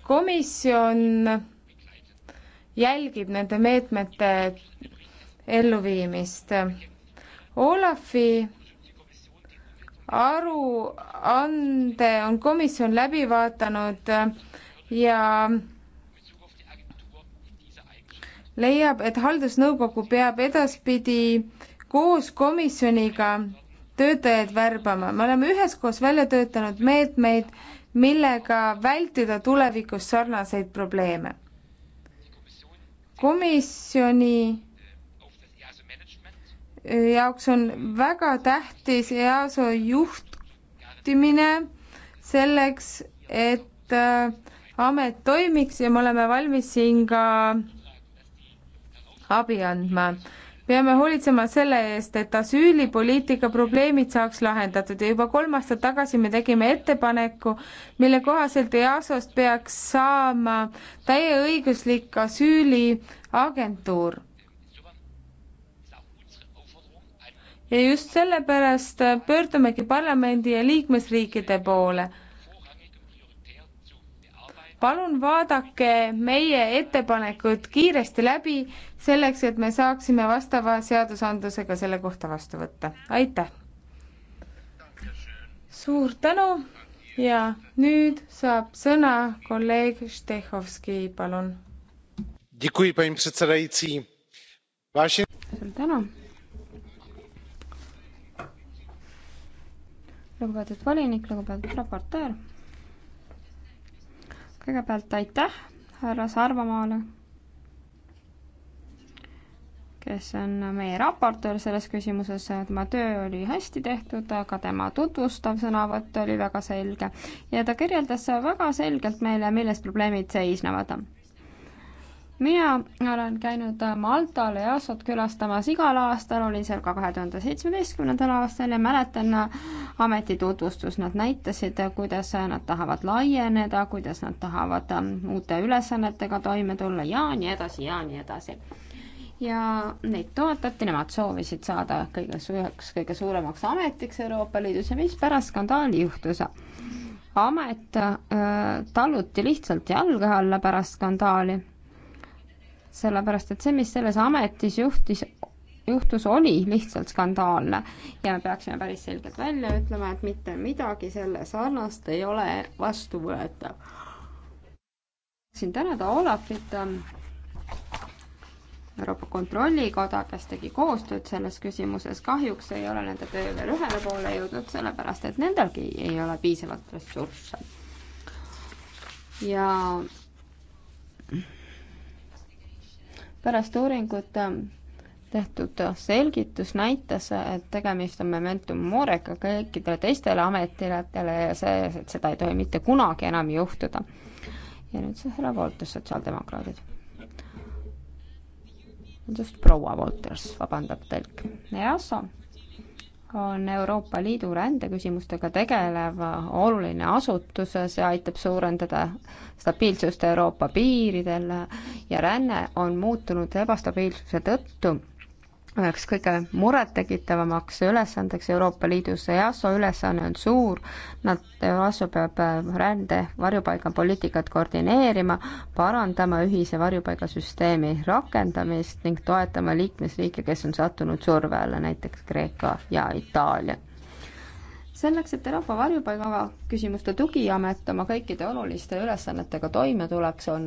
komisjon jälgib nende meetmete elluviimist. Olafi aruande on komisjon läbi vaadanud ja leiab, et haldusnõukogu peab edaspidi koos komisjoniga töötajaid värbama. me oleme üheskoos välja töötanud meetmeid, millega vältida tulevikus sarnaseid probleeme. komisjoni jaoks on väga tähtis EASO juhtimine selleks, et äh, amet toimiks ja me oleme valmis siin ka abi andma. peame hoolitsema selle eest, et asüülipoliitika probleemid saaks lahendatud ja juba kolm aastat tagasi me tegime ettepaneku, mille kohaselt EASO-st peaks saama täieõiguslik asüüliagentuur. ja just sellepärast pöördumegi parlamendi ja liikmesriikide poole palun vaadake meie ettepanekud kiiresti läbi selleks, et me saaksime vastava seadusandluse ka selle kohta vastu võtta. aitäh! suur tänu ja nüüd saab sõna kolleeg Štehhovski, palun. suur tänu. lugupeetud volinik, lugupeetud raportöör. kõigepealt aitäh härra Sarvamaale kes on meie raportöör selles küsimuses, tema töö oli hästi tehtud, aga tema tutvustav sõnavõtt oli väga selge ja ta kirjeldas väga selgelt meile, milles probleemid seisnevad mina olen käinud Maltal EASO-t külastamas igal aastal, olin seal ka kahe tuhande seitsmeteistkümnendal aastal ja mäletan ameti tutvustus, nad näitasid, kuidas nad tahavad laieneda, kuidas nad tahavad uute ülesannetega toime tulla ja nii edasi ja nii edasi ja neid toetati, nemad soovisid saada kõige, üheks kõige suuremaks ametiks Euroopa Liidus ja mis pärast skandaali juhtus? amet äh, talluti lihtsalt jalge alla pärast skandaali, sellepärast et see, mis selles ametis juhtis, juhtus, oli lihtsalt skandaalne ja me peaksime päris selgelt välja ütlema, et mitte midagi selle sarnast ei ole vastuvõetav. siin tänada Olafit ähm, Euroopa Kontrollikoda, kes tegi koostööd selles küsimuses, kahjuks ei ole nende töö veel ühele poole jõudnud, sellepärast et nendelgi ei ole piisavalt ressursse. ja pärast uuringut ähm, tehtud selgitus näitas, et tegemist on momentum morega kõikidele teistele ametitele ja see, et seda ei tohi mitte kunagi enam juhtuda. ja nüüd see härra Voltus, sotsiaaldemokraadid vabandust, proua Walters, vabandab tõlk. EASO on Euroopa Liidu rändeküsimustega tegelev oluline asutus, see aitab suurendada stabiilsust Euroopa piiridel ja ränne on muutunud ebastabiilsuse tõttu üheks kõige murettekitavamaks ülesandeks Euroopa Liidus. EASO ülesanne on suur, nad, EASO peab äh, rände varjupaigapoliitikat koordineerima, parandama ühise varjupaigasüsteemi rakendamist ning toetama liikmesriike, kes on sattunud surve alla, näiteks Kreeka ja Itaalia selleks, et Euroopa varjupaiga küsimuste tugiamet oma kõikide oluliste ülesannetega toime tuleks, on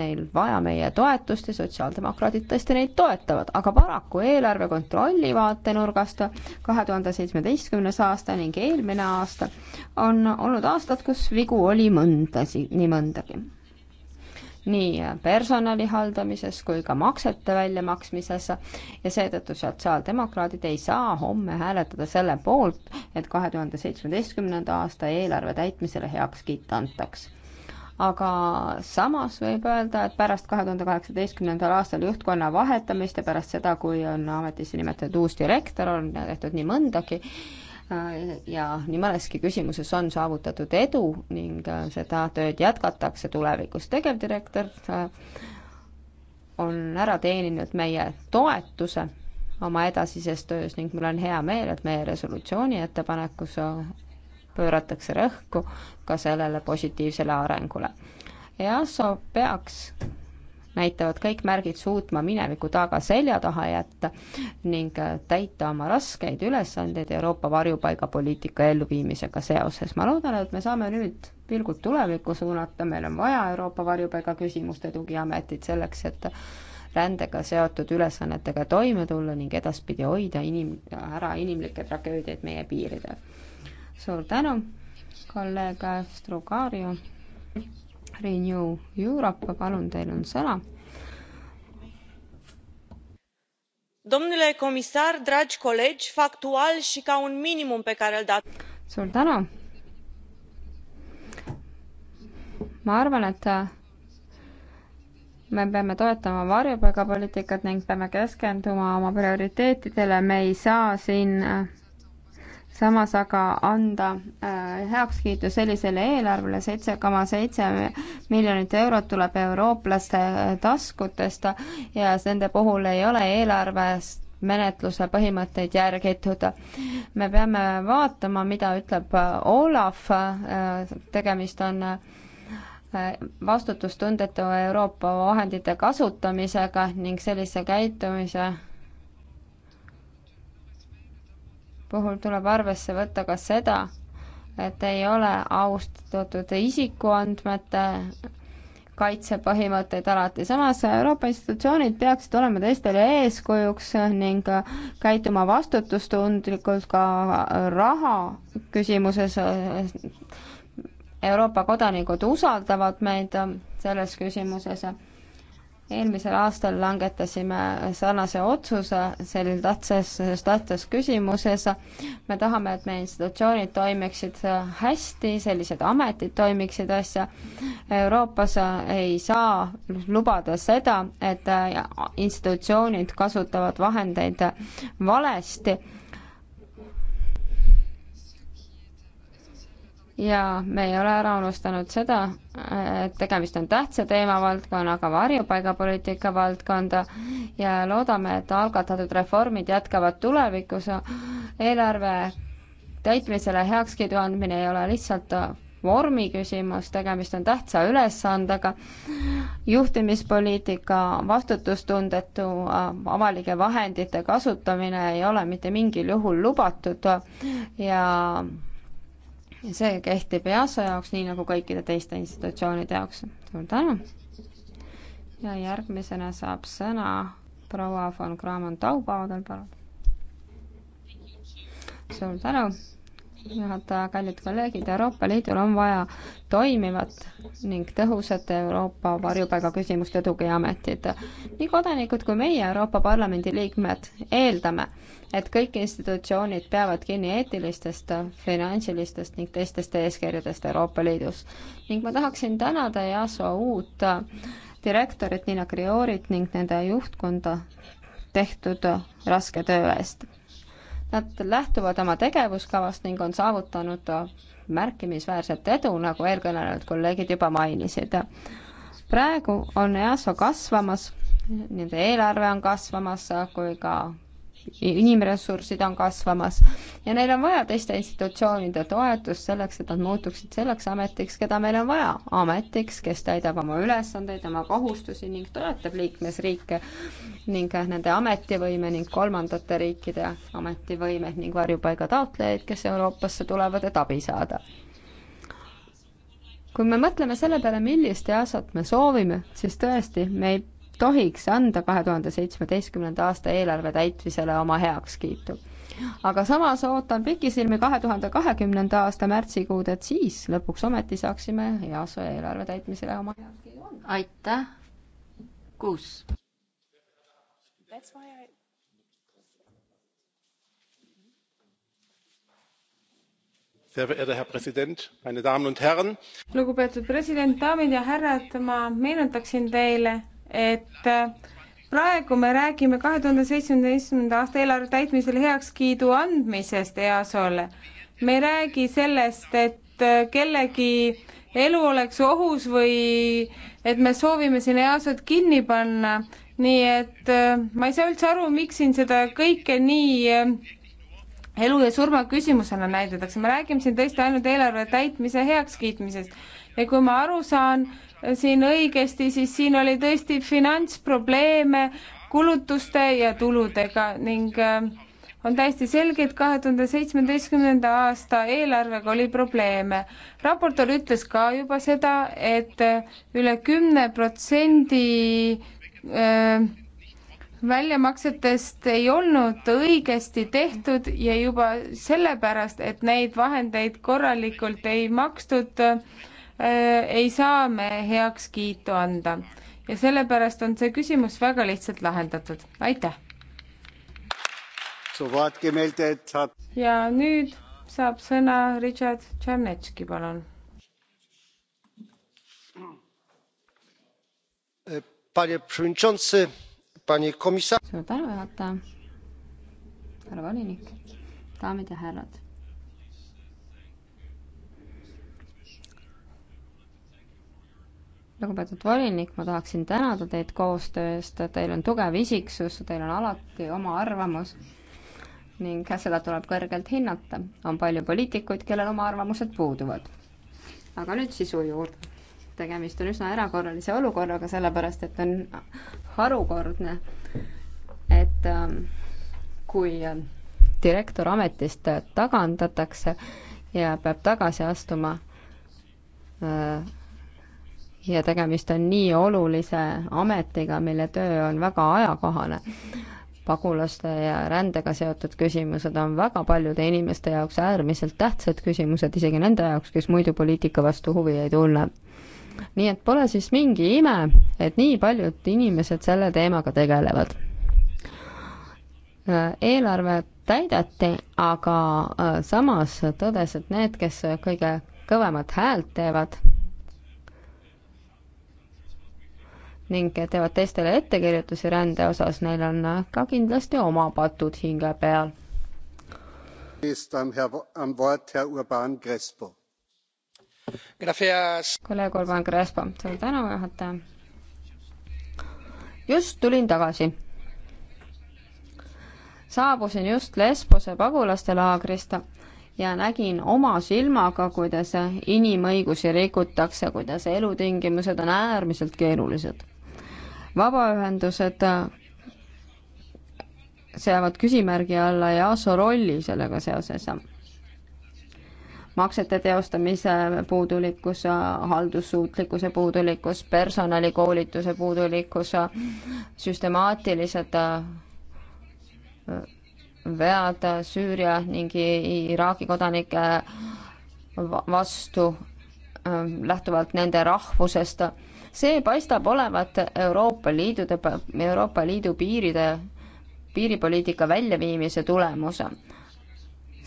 neil vaja meie toetust ja sotsiaaldemokraadid tõesti neid toetavad, aga paraku eelarve kontrolli vaatenurgast kahe tuhande seitsmeteistkümnes aasta ning eelmine aasta on olnud aastad, kus vigu oli mõndasi, nii mõndagi nii personali haldamises kui ka maksete väljamaksmises ja seetõttu sotsiaaldemokraadid ei saa homme hääletada selle poolt, et kahe tuhande seitsmeteistkümnenda aasta eelarve täitmisele heakskiit antaks aga samas võib öelda, et pärast kahe tuhande kaheksateistkümnendal aastal juhtkonna vahetamist ja pärast seda, kui on ametisse nimetatud uus direktor, on tehtud nii mõndagi Äh, ja nii mõneski küsimuses on saavutatud edu ning äh, seda tööd jätkatakse tulevikus. tegevdirektor äh, on ära teeninud meie toetuse oma edasises töös ning mul on hea meel, et meie resolutsiooni ettepanekus pööratakse rõhku ka sellele positiivsele arengule. EASO peaks näitavad kõik märgid suutma mineviku taga selja taha jätta ning täita oma raskeid ülesandeid Euroopa varjupaigapoliitika elluviimisega seoses. ma loodan, et me saame nüüd pilgud tulevikku suunata, meil on vaja Euroopa varjupaigaküsimuste tugiametit selleks, et rändega seotud ülesannetega toime tulla ning edaspidi hoida inim-, ära inimlikke tragöödiaid meie piiridel. suur tänu, kolleeg Strugario. Renew Euroopa, palun, teil on sõna. domnule comisar, dragi colegi, factual și ca un minimum pe care îl dat-. suur tänu. ma arvan, et äh, me peame toetama varjupaigapoliitikat ning peame keskenduma oma prioriteetidele, me ei saa siin äh, samas aga anda äh, heakskiitu sellisele eelarvele, seitse koma seitse miljonit eurot tuleb eurooplaste äh, taskutest ja nende puhul ei ole eelarvest menetluse põhimõtteid järgitud. me peame vaatama, mida ütleb äh, Olav, tegemist on vastutustundetu Euroopa vahendite kasutamisega ning sellise käitumise puhul tuleb arvesse võtta ka seda, et ei ole austatud isikuandmete kaitsepõhimõtteid alati, samas Euroopa institutsioonid peaksid olema teistele eeskujuks ning käituma vastutustundlikult ka raha küsimuses. Euroopa kodanikud usaldavad meid selles küsimuses eelmisel aastal langetasime sarnase otsuse selles tähtsas, tähtsas küsimuses. me tahame, et meie institutsioonid toimiksid hästi, sellised ametid toimiksid asja. Euroopas ei saa lubada seda, et institutsioonid kasutavad vahendeid valesti ja me ei ole ära unustanud seda, et tegemist on tähtsa teemavaldkonnaga, varjupaigapoliitika valdkonda ja loodame, et algatatud reformid jätkavad tulevikus. eelarve täitmisele heakskiidu andmine ei ole lihtsalt vormi küsimus, tegemist on tähtsa ülesandega, juhtimispoliitika vastutustundetu avalike vahendite kasutamine ei ole mitte mingil juhul lubatud ja ja see kehtib EASA jaoks nii nagu kõikide teiste institutsioonide jaoks. suur tänu! ja järgmisena saab sõna proua von Krahman-Taubaudel, palun! suur tänu! juhataja, kallid kolleegid, Euroopa Liidul on vaja toimivat ning tõhusat Euroopa varjupaigaküsimuste tugiametit. nii kodanikud kui meie Euroopa Parlamendi liikmed eeldame, et kõik institutsioonid peavad kinni eetilistest, finantsilistest ning teistest eeskirjadest Euroopa Liidus. ning ma tahaksin tänada EASO uut direktorit Nina Kriorit ning nende juhtkonda tehtud raske töö eest. Nad lähtuvad oma tegevuskavast ning on saavutanud märkimisväärset edu, nagu eelkõnelenud kolleegid juba mainisid. praegu on EASO kasvamas, nende eelarve on kasvamas, kui ka inimressursid on kasvamas ja neil on vaja teiste institutsioonide toetust selleks, et nad muutuksid selleks ametiks, keda meil on vaja, ametiks, kes täidab oma ülesandeid, oma kohustusi ning toetab liikmesriike ning nende ametivõime ning kolmandate riikide ametivõimed ning varjupaiga taotlejaid, kes Euroopasse tulevad, et abi saada kui me mõtleme selle peale, millist EASO-t me soovime, siis tõesti, me ei tohiks anda kahe tuhande seitsmeteistkümnenda aasta eelarve täitmisele oma heakskiitu. aga samas ootan pikisilmi kahe tuhande kahekümnenda aasta märtsikuud, et siis lõpuks ometi saaksime EASO eelarve täitmisele oma heakskiidu anda. aitäh, Kuus. That's why I sehr verehrter herr präsident meine damen und herren! lugupeetud president daamid ja härrad ma meenutaksin teile et praegu me räägime kahe tuhande seitsmeteistkümnenda aasta eelarve täitmisel heakskiidu andmisest EASO-le. me ei räägi sellest, et kellegi elu oleks ohus või et me soovime siin EASO-t kinni panna, nii et äh, ma ei saa üldse aru, miks siin seda kõike nii äh, elu ja surma küsimusena näidatakse, me räägime siin tõesti ainult eelarve täitmise heakskiitmisest ja kui ma aru saan, siin õigesti, siis siin oli tõesti finantsprobleeme kulutuste ja tuludega ning äh, on täiesti selge, et kahe tuhande seitsmeteistkümnenda aasta eelarvega oli probleeme. raportöör ütles ka juba seda, et äh, üle kümne protsendi äh, väljamaksetest ei olnud õigesti tehtud ja juba sellepärast, et neid vahendeid korralikult ei makstud äh, Äh, ei saa me heakskiitu anda ja sellepärast on see küsimus väga lihtsalt lahendatud. aitäh! ja nüüd saab sõna Richard Tšernetski, palun. suur tänu, juhataja, härra volinik, daamid ja härrad lugupeetud volinik, ma tahaksin tänada teid koostöö eest, teil on tugev isiksus, teil on alati oma arvamus ning seda tuleb kõrgelt hinnata. on palju poliitikuid, kellel oma arvamused puuduvad. aga nüüd sisu juurde. tegemist on üsna erakorralise olukorraga, sellepärast et on harukordne, et ähm, kui ähm, direktor ametist tagandatakse ja peab tagasi astuma äh, ja tegemist on nii olulise ametiga, mille töö on väga ajakohane. pagulaste ja rändega seotud küsimused on väga paljude inimeste jaoks äärmiselt tähtsad küsimused, isegi nende jaoks, kes muidu poliitika vastu huvi ei tunne. nii et pole siis mingi ime, et nii paljud inimesed selle teemaga tegelevad. eelarve täideti, aga äh, samas tõdes, et need, kes kõige kõvemat häält teevad, ning teevad teistele ettekirjutusi rände osas, neil on ka kindlasti oma patud hinge peal. kolleeg Urban Crespo, suur tänu, juhataja. just tulin tagasi. saabusin just Lesbose pagulastelaagrist ja nägin oma silmaga, kuidas inimõigusi rikutakse, kuidas elutingimused on äärmiselt keerulised vabaühendused seavad küsimärgi alla EASO rolli sellega seoses. maksete teostamise puudulikkus, haldussuutlikkuse puudulikkus, personalikoolituse puudulikkus, süstemaatilised vead Süüria ning Iraagi kodanike vastu lähtuvalt nende rahvusest see paistab olevat Euroopa Liidude, Euroopa Liidu piiride, piiripoliitika väljaviimise tulemus.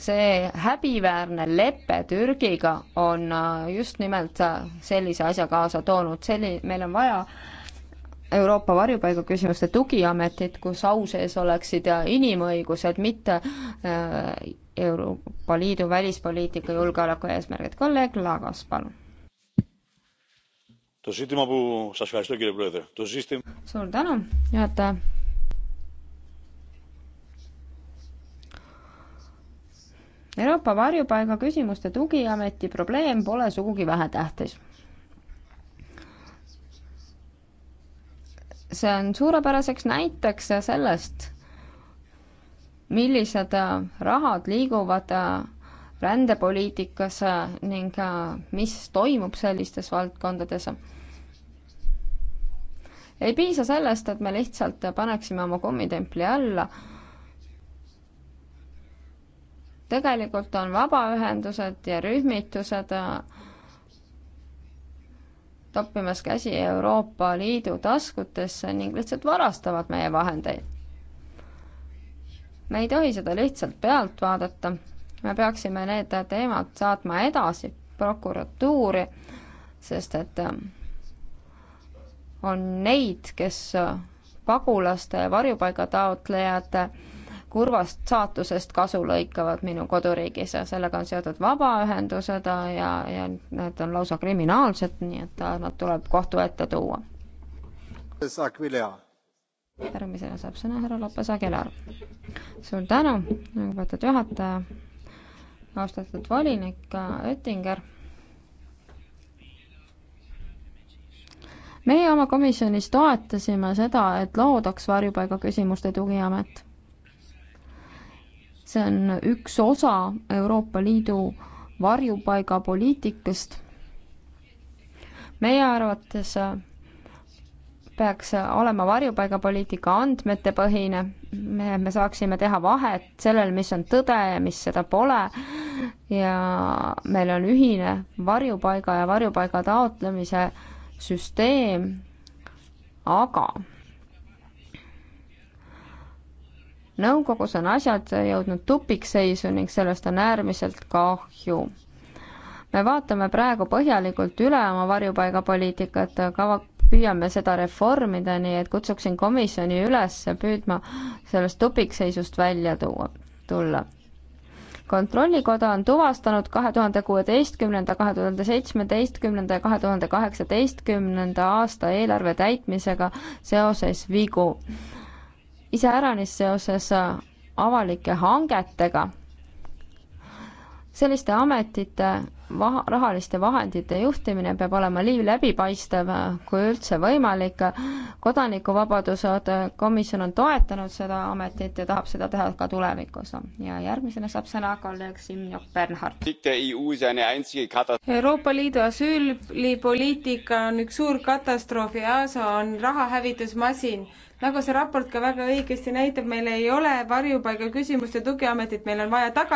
see häbiväärne lepe Türgiga on äh, just nimelt äh, sellise asja kaasa toonud, selli-, meil on vaja Euroopa varjupaigaküsimuste tugiametit, kus au sees oleksid äh, inimõigused, mitte Euroopa Liidu välispoliitika julgeoleku eesmärgid. kolleeg Lagos, palun suur tänu, juhataja. Euroopa varjupaiga küsimuste tugiameti probleem pole sugugi vähetähtis. see on suurepäraseks näiteks sellest, millised rahad liiguvad rändepoliitikas ning mis toimub sellistes valdkondades ei piisa sellest, et me lihtsalt paneksime oma kummitempli alla. tegelikult on vabaühendused ja rühmitused äh, toppimas käsi Euroopa Liidu taskutesse ning lihtsalt varastavad meie vahendeid. me ei tohi seda lihtsalt pealt vaadata, me peaksime need teemad saatma edasi prokuratuuri, sest et äh, on neid, kes pagulaste ja varjupaigataotlejate kurvast saatusest kasu lõikavad minu koduriigis ja sellega on seotud vabaühendused ja, ja need on lausa kriminaalsed, nii et nad tuleb kohtu ette tuua. järgmisena saab sõna härra Lopes Aguilar. suur tänu, lugupeetud juhataja, austatud volinik Oettinger meie oma komisjonis toetasime seda, et loodaks varjupaiga küsimuste tugiamet. see on üks osa Euroopa Liidu varjupaigapoliitikast. meie arvates peaks olema varjupaigapoliitika andmete põhine, me, me saaksime teha vahet sellel, mis on tõde ja mis seda pole ja meil on ühine varjupaiga ja varjupaiga taotlemise äh, süsteem, aga nõukogus on asjad jõudnud tupikseisu ning sellest on äärmiselt kahju. me vaatame praegu põhjalikult üle oma varjupaigapoliitikat, kava, püüame seda reformida, nii et kutsuksin komisjoni üles püüdma sellest tupikseisust välja tuua, tulla kontrollikoda on tuvastanud kahe tuhande kuueteistkümnenda, kahe tuhande seitsmeteistkümnenda ja kahe tuhande kaheksateistkümnenda aasta eelarve täitmisega seoses vigu. iseäranis seoses avalike hangetega selliste ametite vaha, rahaliste vahendite juhtimine peab olema nii läbipaistev kui üldse võimalik. kodanikuvabadused, komisjon on toetanud seda ametit ja tahab seda teha ka tulevikus. ja järgmisena saab sõna kolleeg Simjok Bernhard. Euroopa Liidu asüülipoliitika on üks suur katastroof ja EASO on rahahävitusmasin nagu see raport ka väga õigesti näitab, meil ei ole varjupaiga küsimuste tugiametit, meil on vaja tagasi